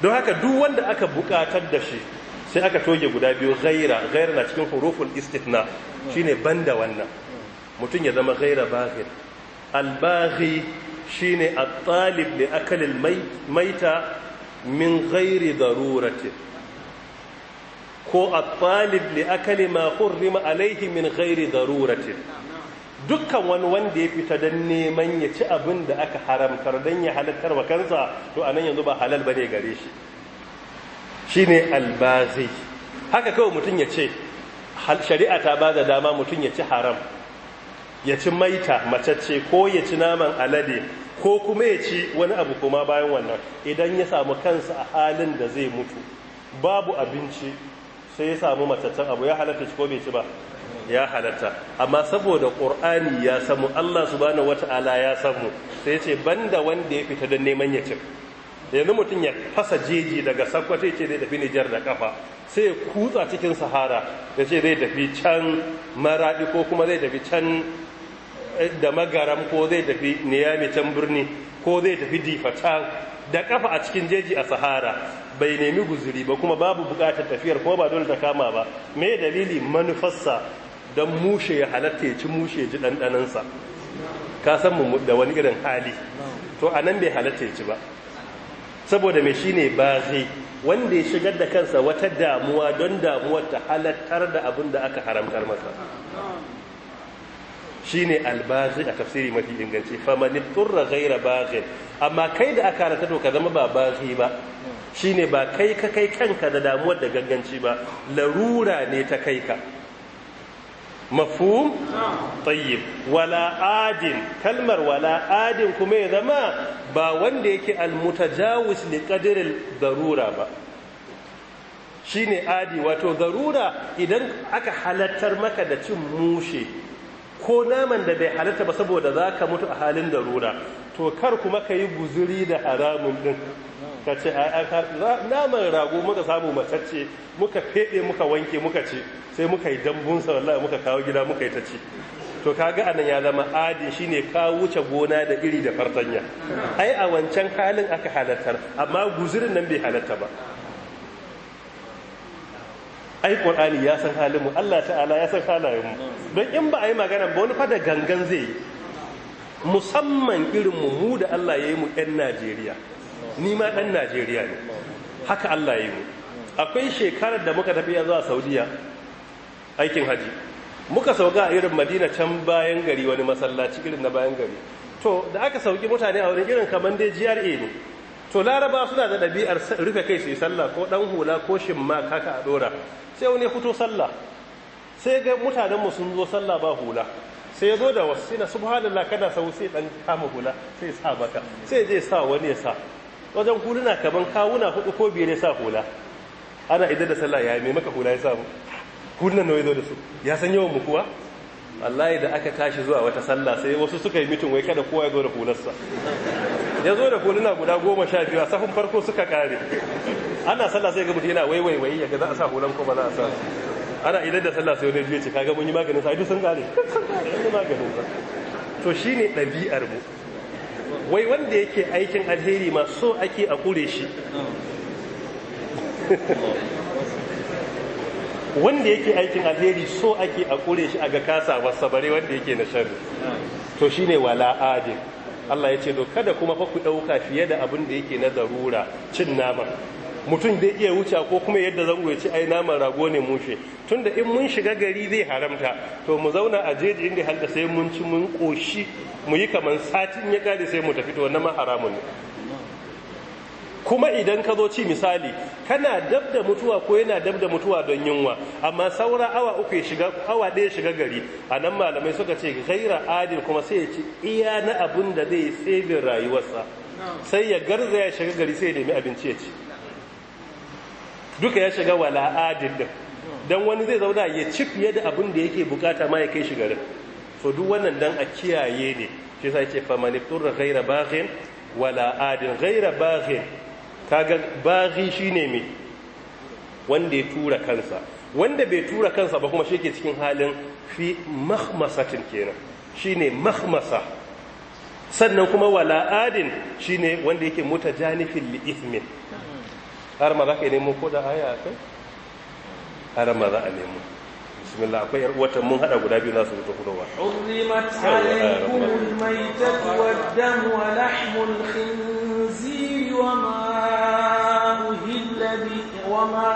don haka duk wanda aka bukatar da shi sai aka toge guda biyu ghaira ghaira na cikin huruful istithna shine banda wannan mutum ya zama ghaira baghir al-baghi shine at-talib li akal al-maita min ghairi darurati ko at-talib li akal ma hurrima alayhi min ghairi darurati dukkan wani wanda ya fita dan neman ya ci abin da aka haramtar dan ya halartar wa kansa to anan yanzu ba halal bane gare shi shine albazi haka kawai mutum ya ce shari'a ta ba da dama mutum ya ci haram ya ci maita macacce ko ya ci naman alade ko kuma ya ci wani abu kuma bayan wannan idan ya samu kansa a halin da zai mutu babu abinci sai ya samu mataccen abu ya halatta ko bai ci ba ya halatta amma saboda ƙur'ani ya samu Allah subhanahu wata'ala ya samu sai ce banda wanda ya fita don neman ya ci yanzu mutum ya fasa jeji daga sakkwato ya ce zai tafi nijar da kafa sai ya kutsa cikin sahara ya ce zai tafi can maradi ko kuma zai tafi can eh, da magaram ko zai tafi niyami can birni ko zai tafi difa can. da kafa a cikin jeji a sahara bai nemi guzuri ba kuma babu bukatar tafiyar ko ba dole ta kama ba me dalili manufarsa don mushe ya halatta ya ci mushe ji ɗanɗanansa ka san mu da wani irin hali to a nan bai halatta ya ci ba saboda mai shine ba zai wanda ya shigar da kansa wata damuwa don damuwar ta halattar da abin da aka haramtar masa shine albazi a tafsiri mafi inganci famani turra ghaira baghin amma kai da aka haramta to ka zama ba baghi ba shine ba kai ka kai kanka da damuwar da ganganci ba larura ne ta kai ka mafhum tayyib wala adin kalmar wala adin kuma ya zama ba wanda yake almutajawis li qadril darura ba shine adi wato darura idan aka halattar maka da cin mushe ko naman da bai halatta ba saboda zaka mutu a halin darura to kar kuma yi guzuri da haramun din ka ce naman rago muka samu matacce muka feɗe muka wanke muka ce sai muka yi dambunsa wallahi muka kawo gida muka yi ta ce to kaga anan ya zama adi shine ka wuce gona da iri da fartanya ai a wancan halin aka halattar amma guzurin nan bai halatta ba ai qur'ani ya san halin mu Allah ta'ala ya san halayen mu don in ba a yi magana ba wani fada gangan zai yi musamman irin mu mu da Allah ya yi mu 'yan Najeriya ni ma ɗan najeriya ne haka allah ya yi mu akwai shekarar da muka tafiya zuwa saudiya aikin haji muka sauka a irin madina can bayan gari wani masallaci irin na bayan gari to da aka sauki mutane a wurin irin kamar dai GRA ne to laraba suna da ɗabi'ar rufe kai su yi sallah ko ɗan hula ko shimma kaka a ɗora sai wani ya fito sallah sai ga mutanenmu sun zo sallah ba hula sai ya zo da wasu sai na subhanallah kana sau sai ɗan kama hula sai sa baka sai zai sa wani ya sa wajen huluna kaban kawuna hudu ko biyu ne sa hula ana idan da sallah ya mai maka hula ya samu hulunan nawa ya zo da su ya san yawan mu kuwa wallahi da aka tashi zuwa wata sallah sai wasu suka yi mitin wai kada kowa ya zo da hularsa ya zo da huluna guda goma sha biyu a safin farko suka kare ana sallah sai ga mutum yana wai wai wai ya ga za a sa hulan ko ba za a sa ana idan da sallah sai wani biyu ce kaga mun yi maganin sa duk sun kare sun kare maganin sa to shine ɗabi'ar mu wai wanda yake aikin alheri ma so ake a kure shi wanda yake aikin alheri so ake a kure shi a ga kasa wasa bare wanda yake na shari to shi ne wa la'adin. Allah ya ce to kada kuma fa ku ɗauka fiye da abin da yake na zarura cin nama mutum zai iya wuce ko kuma yadda zan ya ce ai naman rago ne mushe tunda in mun shiga gari zai haramta to mu zauna a jeji inda halda sai mun ci mun koshi mu yi kaman satin ya kare sai mu tafi to wannan ma haramun ne kuma idan ka zo ci misali kana dab da mutuwa ko yana dab da mutuwa don yunwa amma saura awa uku ya shiga awa ɗaya shiga gari a nan malamai suka ce gaira adil kuma sai ya ci iya na abun da zai yi rayuwarsa sai ya garza ya shiga gari sai ya nemi abinci ya ci duka ya shiga wala adin Don wani zai zauna ya ci fiye da abin da yake bukata ma ya kai shi garin so duk wannan dan a kiyaye ne shi yasa ce fa man ghaira baghin wala adin ghaira baghin kaga baghi shine me wanda ya tura kansa wanda bai tura kansa ba kuma shi yake cikin halin fi mahmasatin kenan shine mahmasa sannan kuma wala adin shine wanda yake mutajanifin li ithmin har ma za ka nemo ko da aya a kai har ma za a nemo bismillah akwai yar uwata mun hada guda biyu nasu ta kudowa uzrimat alaykum almaytatu wad-dam wa lahmul khinzir wa ma uhilla bi wa ma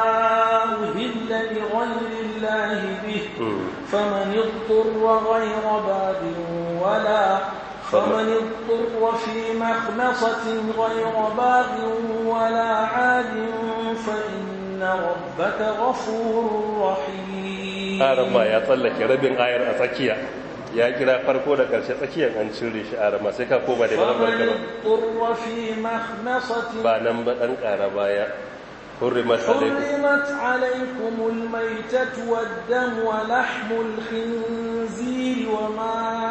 uhilla li ghayri allahi bih faman yadhurru ghayra babin wala فمن اضطر في مخنصة غير باغ ولا عاد فإن ربك غفور رحيم آرم ما يطلق ربين آير أتكيا ya kira farko da ƙarshe tsakiyar an cire shi a rama sai ka koma da baran barkar ba nan ba ɗan ƙara baya حرمت عليكم حرمت عليكم الميتة والدم ولحم الخنزير وما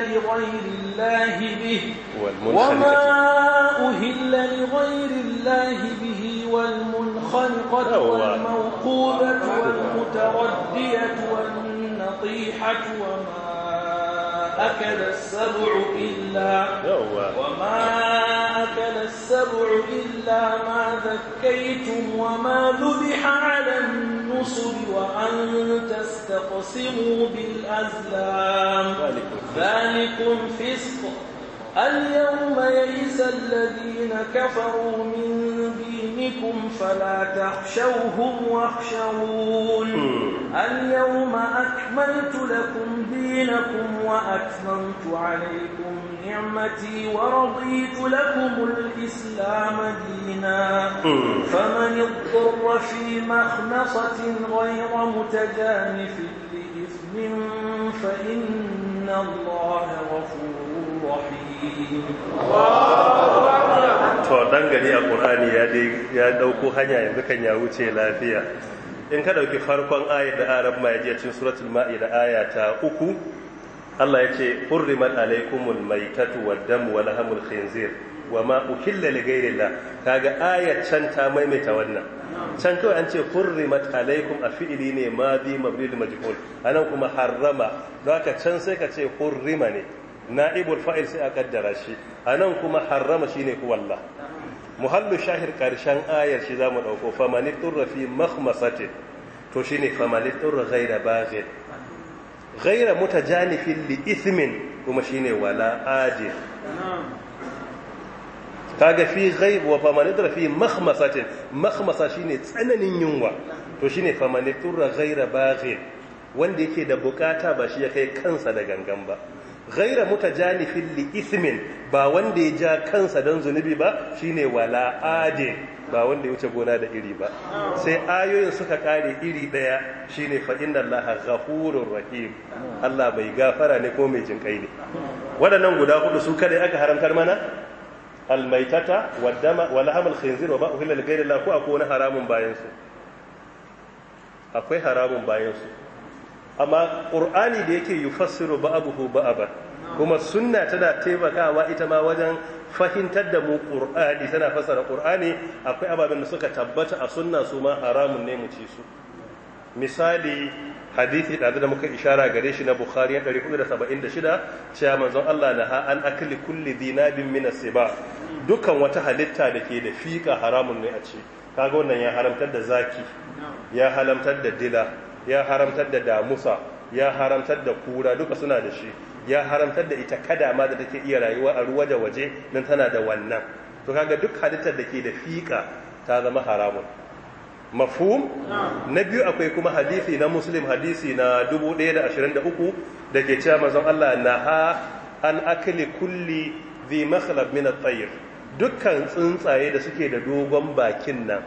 لغير الله به وما أهل لغير الله به والمنخنقة والموقوبة والمتردية والنطيحة وما أكل السبع إلا وما أكل السبع إلا ما ذكيتم وما ذبح على الرسل وأن تستقسموا بالأزلام ذلكم فسق اليوم يئس الذين كفروا من دينكم فلا تخشوهم واخشون اليوم أكملت لكم دينكم وأتممت عليكم نعمتي ورضيت لكم الإسلام دينا فمن اضطر في مخنصة غير متجانف لإثم فإن الله غفور رحيم to dan gari a qur'ani ya dai ya dauko hanya yanzu kan ya wuce lafiya in ka dauki farkon ayar da arab ma yaje cikin suratul ma'ida aya ta uku Allah yace hurrimat alaykumul maitatu waddam wal khinzir wa ma uhilla li kaga ayat can ta maimaita wannan can kawai an ce hurrimat alaikum a fi'ili ne madi mabni majhul anan kuma harrama don haka can sai ka ce hurrima ne na'ibul fa'il sai a kaddara shi anan kuma harrama shine wallah muhallu shahir karshen ayar shi zamu dauko man turra fi makhmasatin to shine man turra ghaira baghi ghaira mutajanifin li ithmin kuma shine wala ajin kaga fi ghaib wa man turra fi makhmasatin makhmasa shine tsananin yunwa to shine man turra ghaira baghi wanda yake da bukata ba shi ya kai kansa da gangan ba ghaira mutajanifin li ismin ba wanda ya ja kansa don zunubi ba shine wala adin ba wanda ya wuce gona da iri ba sai ayoyin suka kare iri daya shine fa inna allaha ghafurur rahim Allah bai gafara ne ko mai jinkai ne waɗannan guda hudu su kadai aka haramtar mana almaitata waddama wala hamal khinzir wa ba uhilla li ghayri allah ko akwai haramun bayansu. akwai haramun amma ƙur'ani da yake yi yufassiru ba'abuhu ba'aba kuma sunna tana taimakawa ita ma wajen fahimtar da mu ƙur'ani tana fassara ƙur'ani akwai ababen da suka tabbata a sunna su ma haramun ne mu ci su misali hadisi da da muka ishara gare shi na bukhari ya 476 cewa manzon Allah na an akli kulli dinabin min asiba dukan wata halitta da ke da fika haramun ne a ce kaga wannan ya haramtar da zaki ya haramtar da dila ya haramtar da damusa ya haramtar da kura duka suna da shi ya haramtar da ita kada ma da take iya rayuwa a ruwa da waje nan tana da wannan to kaga duk halittar da ke da fiƙa ta zama haramun mafhum na biyu akwai kuma hadisi na muslim hadisi na ɗaya da ke cewa manzon Allah na an akli kulli dhi makhlab min at-tayr dukkan tsuntsaye da suke da dogon bakin nan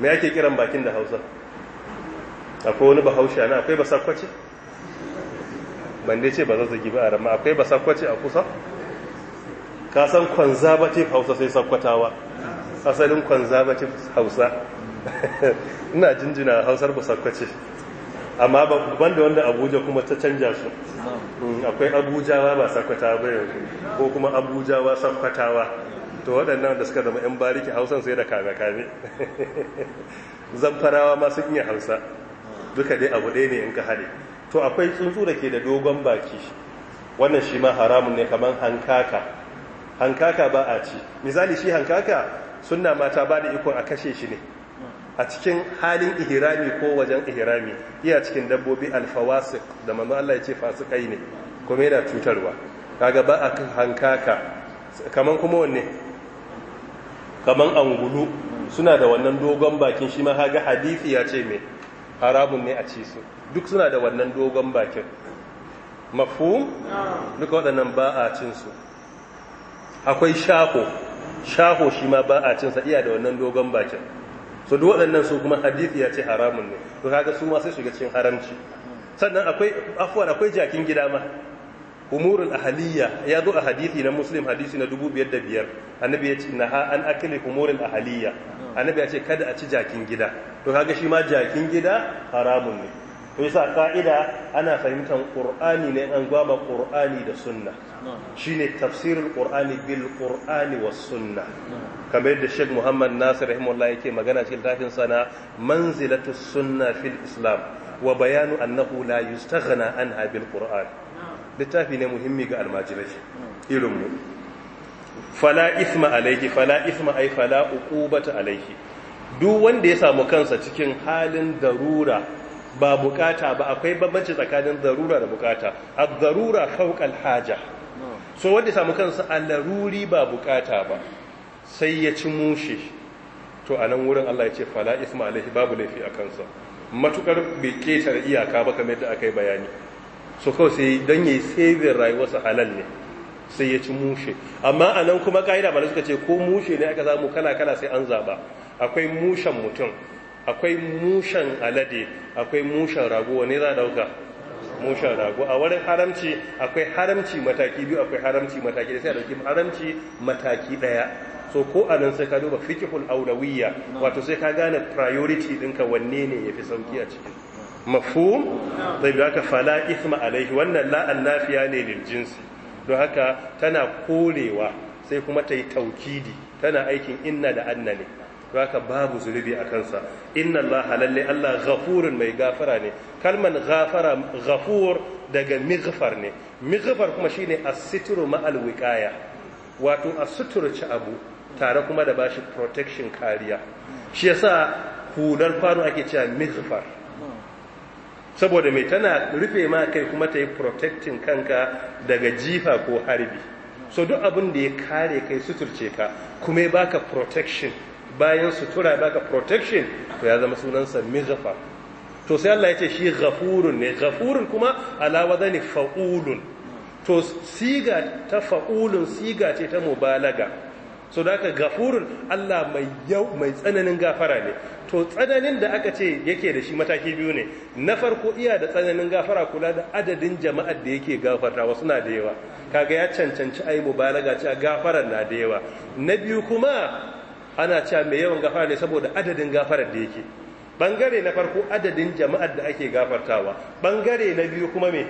me yake kiran bakin da Hausa akwai wani bahaushe ana akwai basakwace ban dai ce ba zazzagi ba a rama akwai basakwace a kusa ka san conservative hausa sai sakwatawa asalin conservative hausa ina jinjina hausar basakwace amma ban da wanda abuja kuma ta canja su mm, akwai abujawa ba sakwatawa ba ko kuma abujawa sakwatawa to waɗannan da suka zama 'yan bariki hausan sai da kame-kame zan ma sun iya hausa duka dai abu ɗaya ne in ka hade to akwai tsuntsu da ke da dogon baki wannan shi ma haramun ne kamar hankaka hankaka ba a ci misali shi hankaka suna mata ba da ikon a kashe shi ne a cikin halin ihirami ko wajen ihirami iya cikin dabbobi alfawasik da manzo Allah ya ce fasikai ne kuma yana cutarwa kaga ba a hankaka kaman kuma wanne kaman angulu suna da wannan dogon bakin shi ma haga hadisi ya ce me haramun ne a ci su duk suna da wannan dogon bakin mafu duka waɗannan ba a cin su akwai shako shako shi ma ba a cin iya da wannan dogon bakin so duk waɗannan su kuma hadisi ya ce haramun ne to kaga su ma sai su ga cikin haramci sannan akwai afwan akwai jakin gida ma umurul ahaliya ya zo a hadisi na muslim hadisi na 2005 annabi ya ce naha an akili umurul ahaliya annabi ya ce kada a ci jakin gida to kaga shi ma jakin gida haramun ne to yasa ka'ida ana fahimtar qur'ani ne an gwaba qur'ani da sunna shine tafsirul qur'ani bil qur'ani was sunna kamar yadda Sheikh Muhammad Nasir rahimahullah yake magana cikin tafin sana manzilatus sunna fil islam wa bayanu annahu la yustaghna anha bil qur'ani. littafi ne muhimmi ga almajirai irinmu fala isma alaiki fala isma ai fala uqubata alaiki duk wanda ya samu kansa cikin halin darura ba bukata ba akwai bambanci tsakanin darura da bukata ad-darura fawqa al-haja so wanda ya samu kansa a laruri ba bukata ba sai ya ci mushe to a nan wurin Allah ya ce fala isma alaihi babu laifi a kansa matukar bai iyaka ba kamar yadda aka bayani so kawai sai don ya yi saving rayuwarsa halal ne sai ya ci mushe amma a nan kuma ka'ida bala suka ce ko mushe ne aka samu kala kala sai an zaba akwai mushen mutum akwai mushen alade akwai mushen rago wane za a dauka mushen rago a wurin haramci akwai haramci mataki biyu akwai haramci mataki da sai a dauki haramci mataki daya so ko a nan sai ka duba fikihul aulawiyya wato sai ka gane priority ɗinka wanne ne ya fi sauki a cikin mafhum zai bi haka fala isma alaihi wannan la'an nafiya ne lil jinsi don haka tana korewa sai kuma ta yi taukidi tana aikin inna da anna ne don haka babu zunubi a kansa inna Allah lalle Allah ghafurun mai gafara ne kalman gafara ghafur daga mighfar ne mighfar kuma shine as-sitru ma'al wiqaya wato as ci abu tare kuma da bashi protection kariya shi yasa hular kwano ake cewa mighfar saboda mai tana rufe ma kai kuma ta yi protecting kanka daga jifa ko harbi so duk abin da ya kare kai suturce ka kuma ya baka protection bayan sutura baka protection to ya zama sunansa mizafa to sai Allah ya ce shi ghafurun ne ghafurun kuma ala wadani fa'ulun to siga ta fa'ulun siga ce ta mubalaga so da aka ghafurun Allah mai mai tsananin gafara ne to tsananin da aka ce yake da shi mataki biyu ne na farko iya da tsananin gafara kula da adadin jama'ar da yake gafarta wasu na da yawa kaga ya cancanci ai mubalaga cewa gafarar na da yawa na biyu kuma ana cewa mai yawan gafara ne saboda adadin gafarar da yake bangare na farko adadin jama'ar da ake gafartawa bangare na biyu kuma me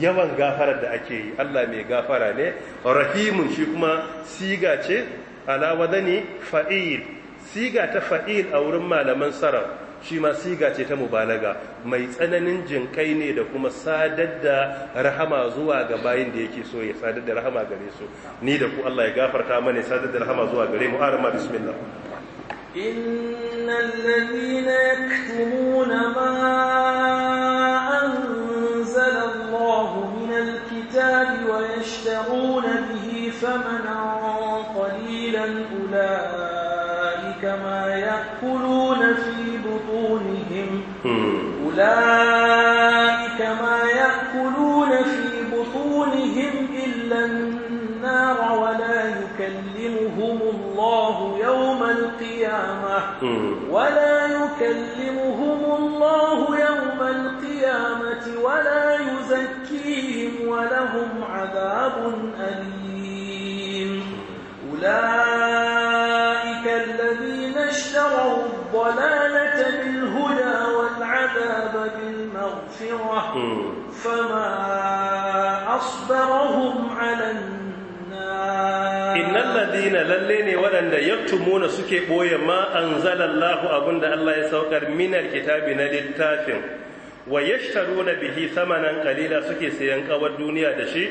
yawan gafarar da ake yi Allah mai gafara ne rahimun shi kuma siga ce ala wadani fa'il siga ta fa'il a wurin malaman sarraf shi ma siga ce ta mubalaga mai tsananin jinkai ne da kuma sadar da rahama zuwa ga bayin da yake so ya sadar da rahama gare su ni da ku Allah ya gafarta mana ya sadar da rahama zuwa gare mu arama bismillah إن الذين يكتمون كما يأكلون في بطونهم hmm. أولئك ما يأكلون في بطونهم إلا النار ولا يكلمهم الله يوم القيامة hmm. ولا يكلمهم الله يوم القيامة ولا يزكيهم ولهم عذاب أليم أولئك الضلالة بالهدى والعذاب بالمغفرة فما أصبرهم على النار إن الذين للين ولن يكتمون سكي بوي ما أنزل الله أبن الله يسوكر من الكتاب للتافن wa yashtaruna bihi thamanan qalila suke sayan kawar duniya da shi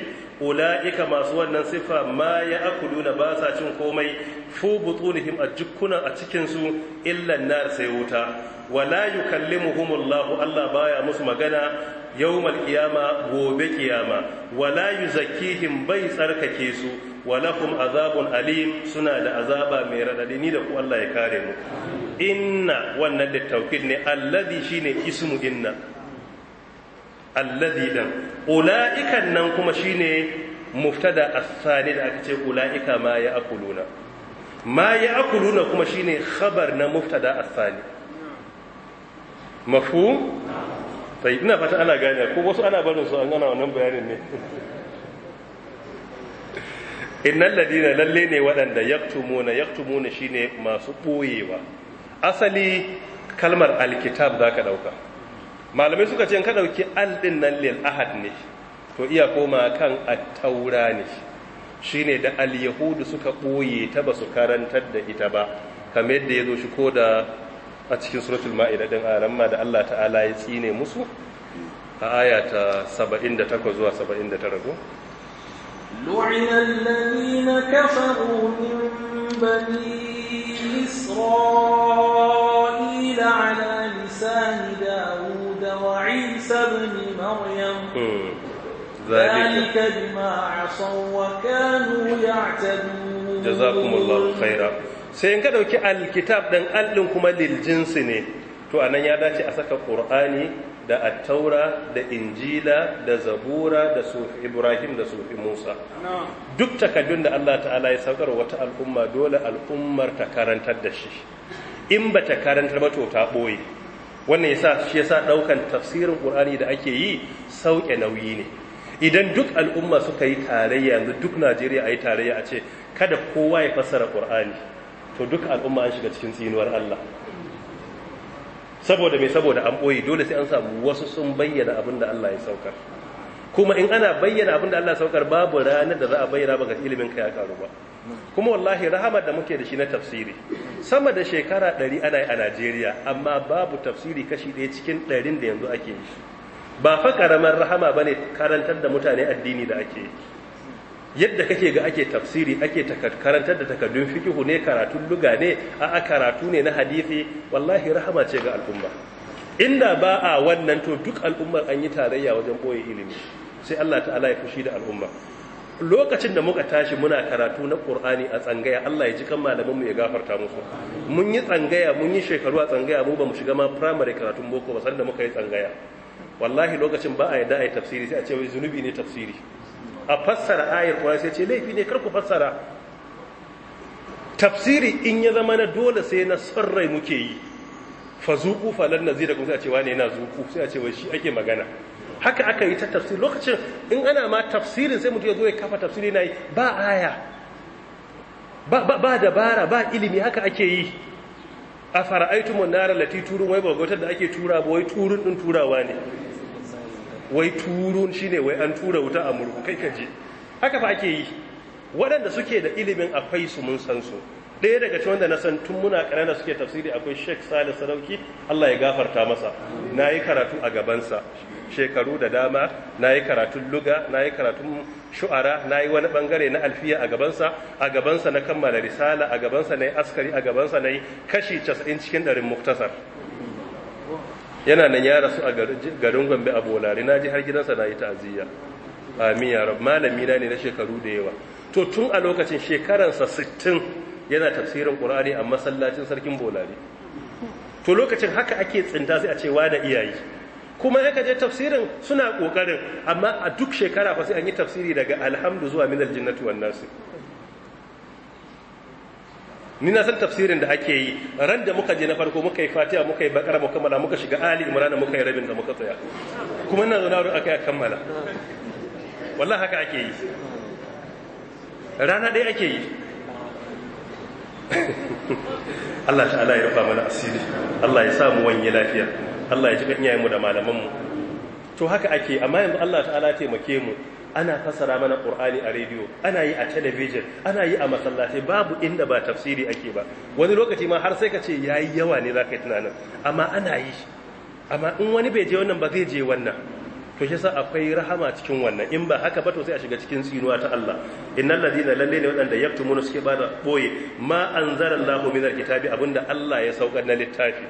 ula'ika masu wannan siffa ma ya akulu na ba sa cin komai fu butunihim a jikunan a cikinsu illan nar sai wuta kalli yukallimuhumullahu Allah baya musu magana yawmal qiyama gobe kiyama wala yuzakkihim bai tsarkake su walakum azabun alim suna da azaba mai raɗaɗi ni da ku Allah ya kare mu inna wannan littawkid ne alladhi shine ismu inna alladhi dan ula'ikan nan kuma shine muftada as-sani da aka ce ula'ika ma ya'kuluna ma ya'kuluna kuma shine khabar na muftada as-sani mafhum sai ina fata ana gane ko wasu ana barin su an gana wannan bayanin ne innal ladina lalle ne waɗanda yaktumuna yaktumuna shine masu boyewa asali kalmar alkitab zaka dauka malamai suka ce ka ɗauki al nan lil ahad ne to iya koma kan attaura ne shine da al yahudu suka ɓoye ta ba su karantar da ita ba kamar yadda ya zo shi ko da a cikin suratul ma'ida din aramma da Allah ta'ala ya tsine musu a aya ta 78 zuwa 79 go لعن ala وعيسى ابن مريم ذلك بما عصوا وكانوا يعتدون جزاكم الله خيرا sai in ka ɗauki alkitab ɗin allin kuma liljinsu ne to nan ya dace a saka ƙur'ani da attaura da injila da zabura da sufi ibrahim da sufi musa duk takaddun da allah ta'ala ya saukar wata al'umma dole al'ummar ta karantar da shi in ba ta karantar ba to ta ɓoye wannan yasa shi sa ɗaukan tafsirin ƙur'ani da ake yi sauƙe nauyi ne idan duk al'umma suka yi tarayya yanzu duk Najeriya a yi tarayya a ce kada kowa ya fassara ƙur'ani, to duk al'umma an shiga cikin tsinuwar Allah saboda me saboda an boye dole sai an samu wasu sun bayyana abin da Allah ya saukar kuma in ana bayyana abin da Allah ya saukar babu ranar da za a bayyana ba ga ilimin ka ya karu ba kuma wallahi rahamar da muke da shi na tafsiri sama da shekara ɗari ana yi a najeriya amma babu tafsiri kashi ɗaya cikin ɗarin da yanzu ake yi ba fa ƙaramar rahama ba ne karantar da mutane addini da ake yi yadda kake ga ake tafsiri ake karantar da takardun fikihu ne karatun luga ne a karatu ne na hadisi wallahi rahama ce ga al'umma inda ba a wannan to duk al'ummar an yi tarayya wajen boye ilimi sai Allah ta'ala ya fushi da al'umma lokacin da muka tashi muna karatu na ƙur'ani a tsangaya Allah ya ji kan malaman mu ya gafarta musu mun yi tsangaya mun yi shekaru a tsangaya mu ba mu shiga ma primary karatun boko ba sanda muka yi tsangaya wallahi lokacin ba a yi da'ai tafsiri sai a ce wai zunubi ne tafsiri a fassara ayar Qur'ani sai ce laifi ne kar ku fassara tafsiri in ya zama na dole sai na sarrai muke yi fa zuku falan nazira kuma sai a ce wane yana zuku sai a ce wai shi ake magana haka aka yi ta tafsiri lokacin in ana ma tafsirin sai mutu ya zo ya kafa tafsiri na yi ba aya ba dabara ba ilimi haka ake yi a fara'aitu munara lati turun wai bagotar da ake tura ba wai turun din turawa ne wai turun shi ne wai an tura wuta a murhu kai ka je. haka fa ake yi waɗanda suke da ilimin akwai su mun san su ɗaya daga cikin wanda na san tun muna ƙanana suke tafsiri akwai Sheikh Salisu Sarauki Allah ya gafarta masa Na yi karatu a gabansa shekaru da dama na yi karatun luga na yi karatun shu'ara na yi wani bangare na alfiya a gabansa a gabansa na kammala risala a gabansa na yi askari a gabansa na yi kashi casa'in cikin ɗarin muktasar yana nan ya rasu a garin gombe a bolari na ji har gidansa na yi ta'aziyya amin ya rab malami na ne na shekaru da yawa to tun a lokacin shekaransa sittin yana tafsirin qur'ani a masallacin sarkin bolari to lokacin haka ake tsinta sai a ce wa da iyaye. kuma aka je tafsirin suna kokarin amma a duk shekara fa sai an yi tafsiri daga alhamdu zuwa minal jannati wan nasi ni na san tafsirin da ake yi ran da muka je na farko muka yi fatiha muka yi bakara muka kammala muka shiga ali imran muka yi rabin da muka tsaya kuma nan zauna aka yi kammala wallahi haka ake yi rana ɗaya ake yi Allah ta'ala ya rufa mana asiri Allah ya samu wani lafiya Allah ya ji kan iyayenmu da malamanmu to haka ake amma yanzu Allah ta'ala taimake mu ana fasara mana qur'ani a rediyo ana yi a talabijin ana yi a masallatai babu inda ba tafsiri ake ba wani lokaci ma har sai ka ce yayi yawa ne zaka yi tunanin amma ana yi amma in wani bai je wannan ba zai je wannan to shi sa akwai rahama cikin wannan in ba haka ba to sai a shiga cikin tsinuwa ta Allah innal ladina lalle ne wadanda yaktumuna suke ba da boye ma anzalallahu minal kitabi abinda Allah ya saukar na littafi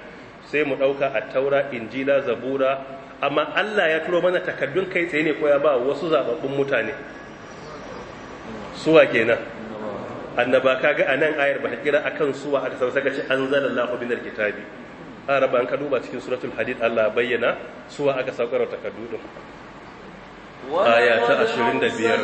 sai mu ɗauka a taura injila zabura amma allah ya turo mana takaddun kai tsaye ne ko ya ba wasu zababbun mutane suwa kenan annaba kaga anan ayar ba ta kira akan suwa aka sauka kace anzalallahu binar kitabi raba an ka duba cikin suratul hadid Allah bayyana suwa aka saukar da takaddu din aya ta biyar.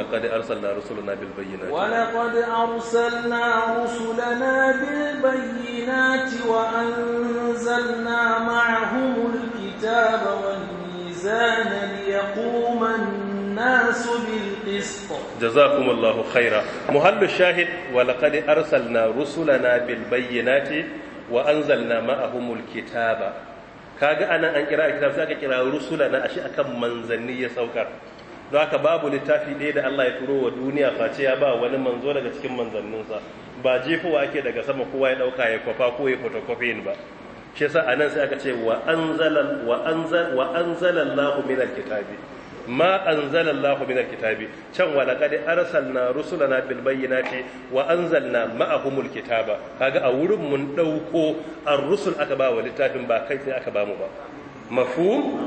laqad arsalna rusulana bil bayyinati wa laqad arsalna rusulana bil bayyinati wa anzalna ma'ahum al kitaba wal mizana liyaquma an-nas bil qist Allahu khaira Muhallin shahid wa laqad arsalna rusulana bil bayyinati wa anzalna ma'ahum al kitaba kaga anan an kira kitaba sai aka kira rusulana ashe akan manzanni ya saukar don haka babu littafi ɗaya da Allah ya turo wa duniya face ya ba wani manzo daga cikin manzanninsa ba jefowa ake daga sama kowa ya ɗauka ya kwafa ko ya photocopy ba shi yasa nan sai aka ce wa anzala Allahu min alkitabi ma anzala Allahu min alkitabi can wa laqad arsalna rusulana bil bayyinati wa anzalna ma'ahumul kitaba kaga a wurin mun dauko ar-rusul aka ba wa littafin ba kai sai aka ba mu ba mafhum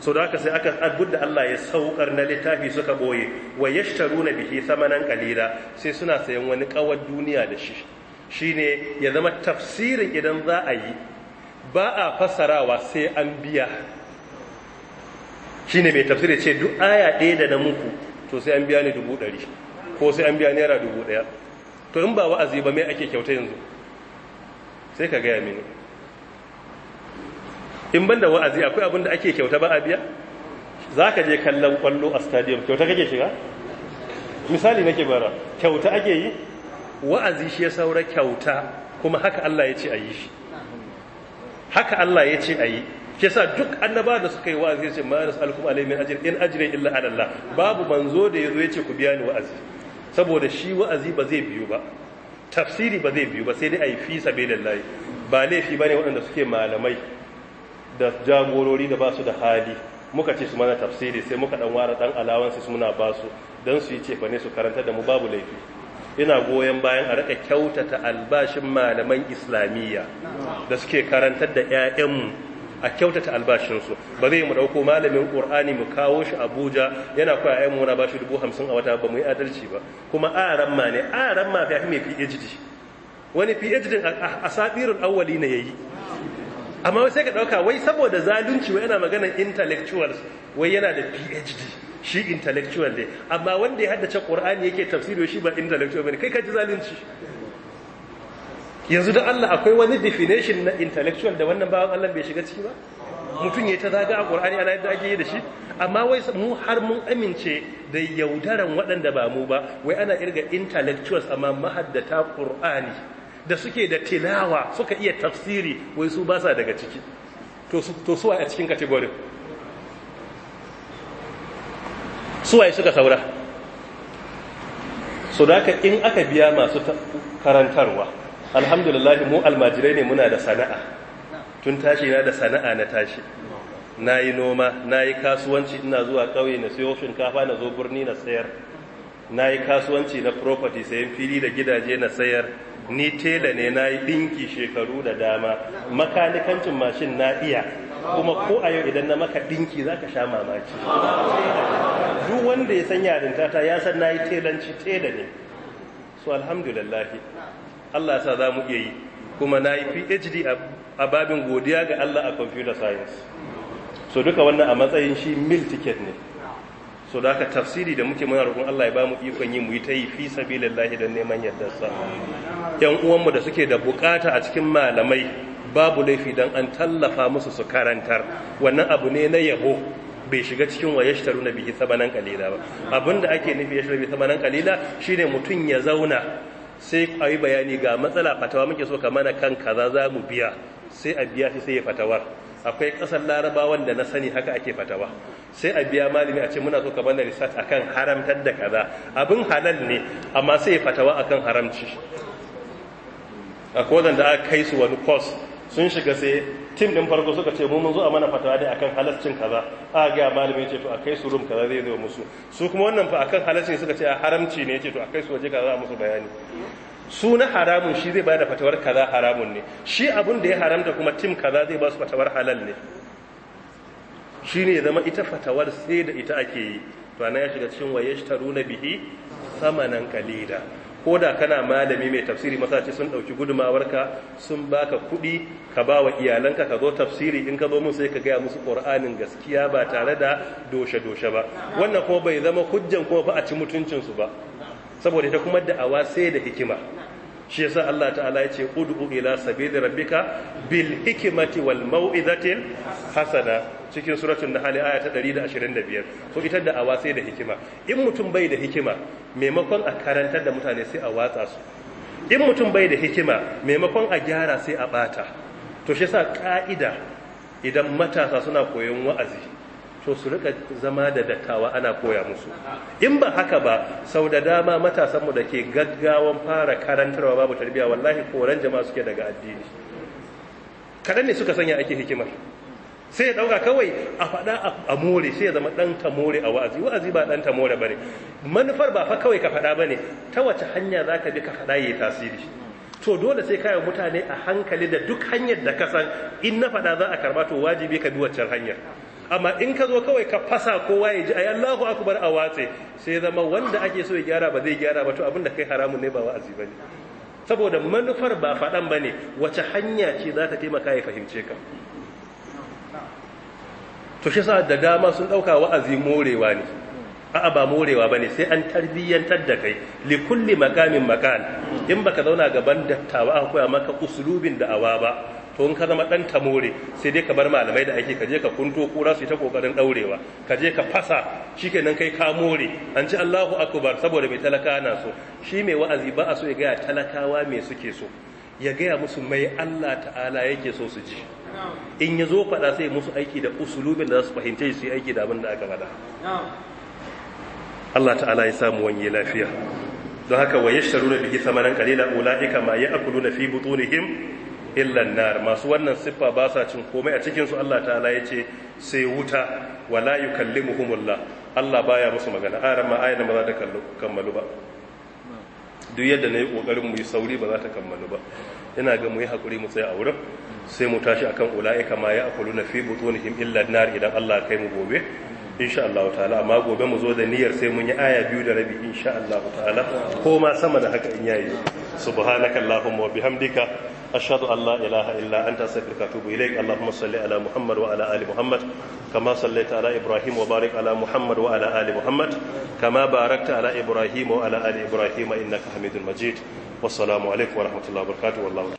so da haka sai aka da Allah ya saukar na littafi suka boye wa na bihi samanan kalila sai suna sayan wani kawar duniya da shi shi ne ya zama tafsirin idan za a yi ba a fasarawa sai an biya shi ne mai tafsiri ce duk aya ɗaya da na muku to sai an biya ni dubu ɗari ko sai an biya naira dubu ɗaya to in ba wa'azi ba mai ake kyauta yanzu sai ka gaya mini in ban da wa'azi akwai abin da ake kyauta ba a biya za ka je kallon kwallo a stadium kyauta kake shiga misali nake bara kyauta ake yi wa'azi shi ya saura kyauta kuma haka Allah ya ce a yi shi haka Allah ya ce a yi ke sa duk annaba da suka yi wa'azi ya ce ma nasu alkum alaimin ajiyar in ajiyar illa Allah babu manzo da ya zo ya ce ku biya ni wa'azi saboda shi wa'azi ba zai biyu ba tafsiri ba zai biyu ba sai dai a yi fi sabi layi ba laifi ba ne waɗanda suke malamai da jagorori da ba su da hali muka ce su mana tafsiri sai muka dan ware dan alawansu muna ba su don su yi cefa ne su karanta da mu babu laifi ina goyon bayan a raka kyautata albashin malaman islamiyya da suke karantar da 'ya'yanmu a kyautata albashinsu ba zai mu dauko malamin qur'ani mu kawo shi abuja yana koya 'ya'yanmu na bashi dubu hamsin a wata ba mu yi adalci ba kuma aran ma ne aran ma fi mai phd wani phd a sabirin awwali ne yayi amma sai ka ɗauka wai saboda zalunci wai yana magana intellectuals wai yana da phd shi intellectual ne amma wanda ya haddace ƙur'ani yake tafsiri shi ba intellectual bane kai ka ji zalunci yanzu da Allah akwai wani definition na intellectual da wannan bawan Allah bai shiga ciki ba mutum ya ta zaga a ƙur'ani ana yadda ake yi da shi amma wai mu har mun amince da yaudaran waɗanda ba mu ba wai ana irga intellectuals amma mahaddata ƙur'ani da suke da tilawa suka iya tafsiri wai su ba sa daga ciki to suwa a cikin kategorin suwaye suka saura so da in aka biya masu karantarwa alhamdulillah mu almajirai ne muna da sana'a tun tashi na da sana'a na tashi na yi noma na yi kasuwanci ina zuwa ƙauye na sayo, shinkafa na zo birni na sayar na yi kasuwanci na property sayan fili da gidaje na sayar ni tela ne na yi ɗinki shekaru da dama makanikancin mashin na iya kuma ko a yau idan na maka ɗinki za ka sha mamaki? duk wanda ya san yarin ta ya san na yi telanci tela ne so alhamdulillah Allah sa za mu iya yi kuma na yi PhD a babin godiya ga Allah a computer science so duka wannan a matsayin shi mil ticket ne so da haka tafsiri da muke muna rukun Allah ya ba mu ikon yi mu yi ta yi fi sabilillahi don neman yardarsa yan uwanmu da suke da bukata a cikin malamai babu laifi dan an tallafa musu su karantar wannan abu ne na yabo bai shiga cikin wa yashtaru na bihi sabanan kalila ba da ake nufi yashtaru bihi sabanan kalila shine mutum ya zauna sai a yi bayani ga matsala fatawa muke so ka mana kan kaza za mu biya sai a biya shi sai ya fatawar akwai ƙasar larabawan da na sani haka ake fatawa sai a biya malami a ce muna so ka bana research akan haramtar da kaza abin halal ne amma sai ya fatawa akan haramci akwai wanda aka kai su wani course sun shiga sai tim din farko suka ce mun zo a mana fatawa dai akan halaccin kaza a ga malami ce to akai su rum kaza zai zo musu su kuma wannan fa akan halaccin suka ce a haramci ne ce to akai su waje kaza a musu bayani su na haramun shi zai da fatawar kaza haramun ne shi abun da ya haramta kuma tim kaza zai ba su fatawar halal ne shi ne zama ita fatawar sai da ita ake yi to ana ya shiga cikin waye taru na bihi samanan kalida ko da kana malami mai tafsiri masace sun ɗauki ka, sun baka kuɗi ka ba wa iyalanka ka zo tafsiri in ka zo musu sai ka gaya musu ƙoranin gaskiya ba tare da doshe-doshe ba wannan ko bai zama hujjan kuma ba a ci mutuncinsu ba saboda ita kuma da'awa sai da hikima shi yasa Allah ta'ala ya ce ud'u ila sabili rabbika bil hikmati wal mau'izatil hasana cikin suratul nahl aya ta 125 so ita da awa sai da hikima in mutum bai da hikima maimakon a karantar da mutane sai a watsa su in mutum bai da hikima maimakon a gyara sai a bata to shi yasa ka'ida idan matasa suna koyon wa'azi to su rika zama da dattawa ana koya musu in ba haka ba sau da dama matasanmu da ke gaggawan fara karantarwa babu tarbiyya wallahi koran jama'a suke daga addini kaɗan ne suka sanya ake hikimar sai ya ɗauka kawai a faɗa a more sai ya zama ɗan ta more a wa'azi wa'azi ba ɗan ta more ba ne manufar ba fa kawai ka faɗa ba ne ta wace hanya za ka bi ka faɗa ya yi tasiri to dole sai kayan mutane a hankali da duk hanyar da ka san in na faɗa za a karɓa to wajibi ka bi waccan hanyar amma in ka zo kawai ka fasa kowa ya ji ayi Allahu akbar a watse sai zama wanda ake so ya gyara ba zai gyara ba to abin da kai haramun ne ba wa'azi bane saboda manufar ba faɗan bane wace hanya ce za ta taimaka ya fahimce ka to shi sa da dama sun ɗauka wa'azi morewa ne a'a ba morewa bane sai an tarbiyyantar da kai li kulli makamin makan in baka zauna gaban dattawa aka koya maka usulubin awa ba to in ka zama dan tamore sai dai ka bar malamai da ake ka je ka kunto kura su ta kokarin daurewa ka je ka fasa shikenan kai ka more an ci Allahu akbar saboda mai talaka na so shi mai wa'azi ba a so ya ga talakawa me suke so ya gaya musu mai Allah ta'ala yake so su ji in ya zo faɗa sai musu aiki da usulubin da za su fahimce su yi aiki da abin da aka faɗa Allah ta'ala ya samu wani lafiya don haka wa yashtaruna bihi samanan qalila ulaika ma ya'kuluna fi butunihim illan nar masu wannan siffa ba sa cin komai a cikin su Allah ta'ala ce sai wuta wala yukallimuhumullah Allah baya musu magana aran ma ayyana ba za ta kammalu ba duk yadda nayi kokarin ƙoƙarin mu yi sauri ba za ta kammalu ba ina ga mu yi haƙuri mu tsaye a wurin sai mu tashi akan ula'ika ma ya kulu na fi butunihim illa nar idan Allah kai mu gobe insha Allah ta'ala amma gobe mu zo da niyyar sai mun yi aya biyu da rabi insha Allah ta'ala ko ma sama da haka in yayi subhanakallahumma wa bihamdika أشهد أن لا إله إلا أنت أستغفرك وأتوب إليك اللهم صل على محمد وعلى آل محمد كما صليت على إبراهيم وبارك على محمد وعلى آل محمد كما باركت على إبراهيم وعلى آل إبراهيم إنك حميد مجيد والسلام عليكم ورحمة الله وبركاته والله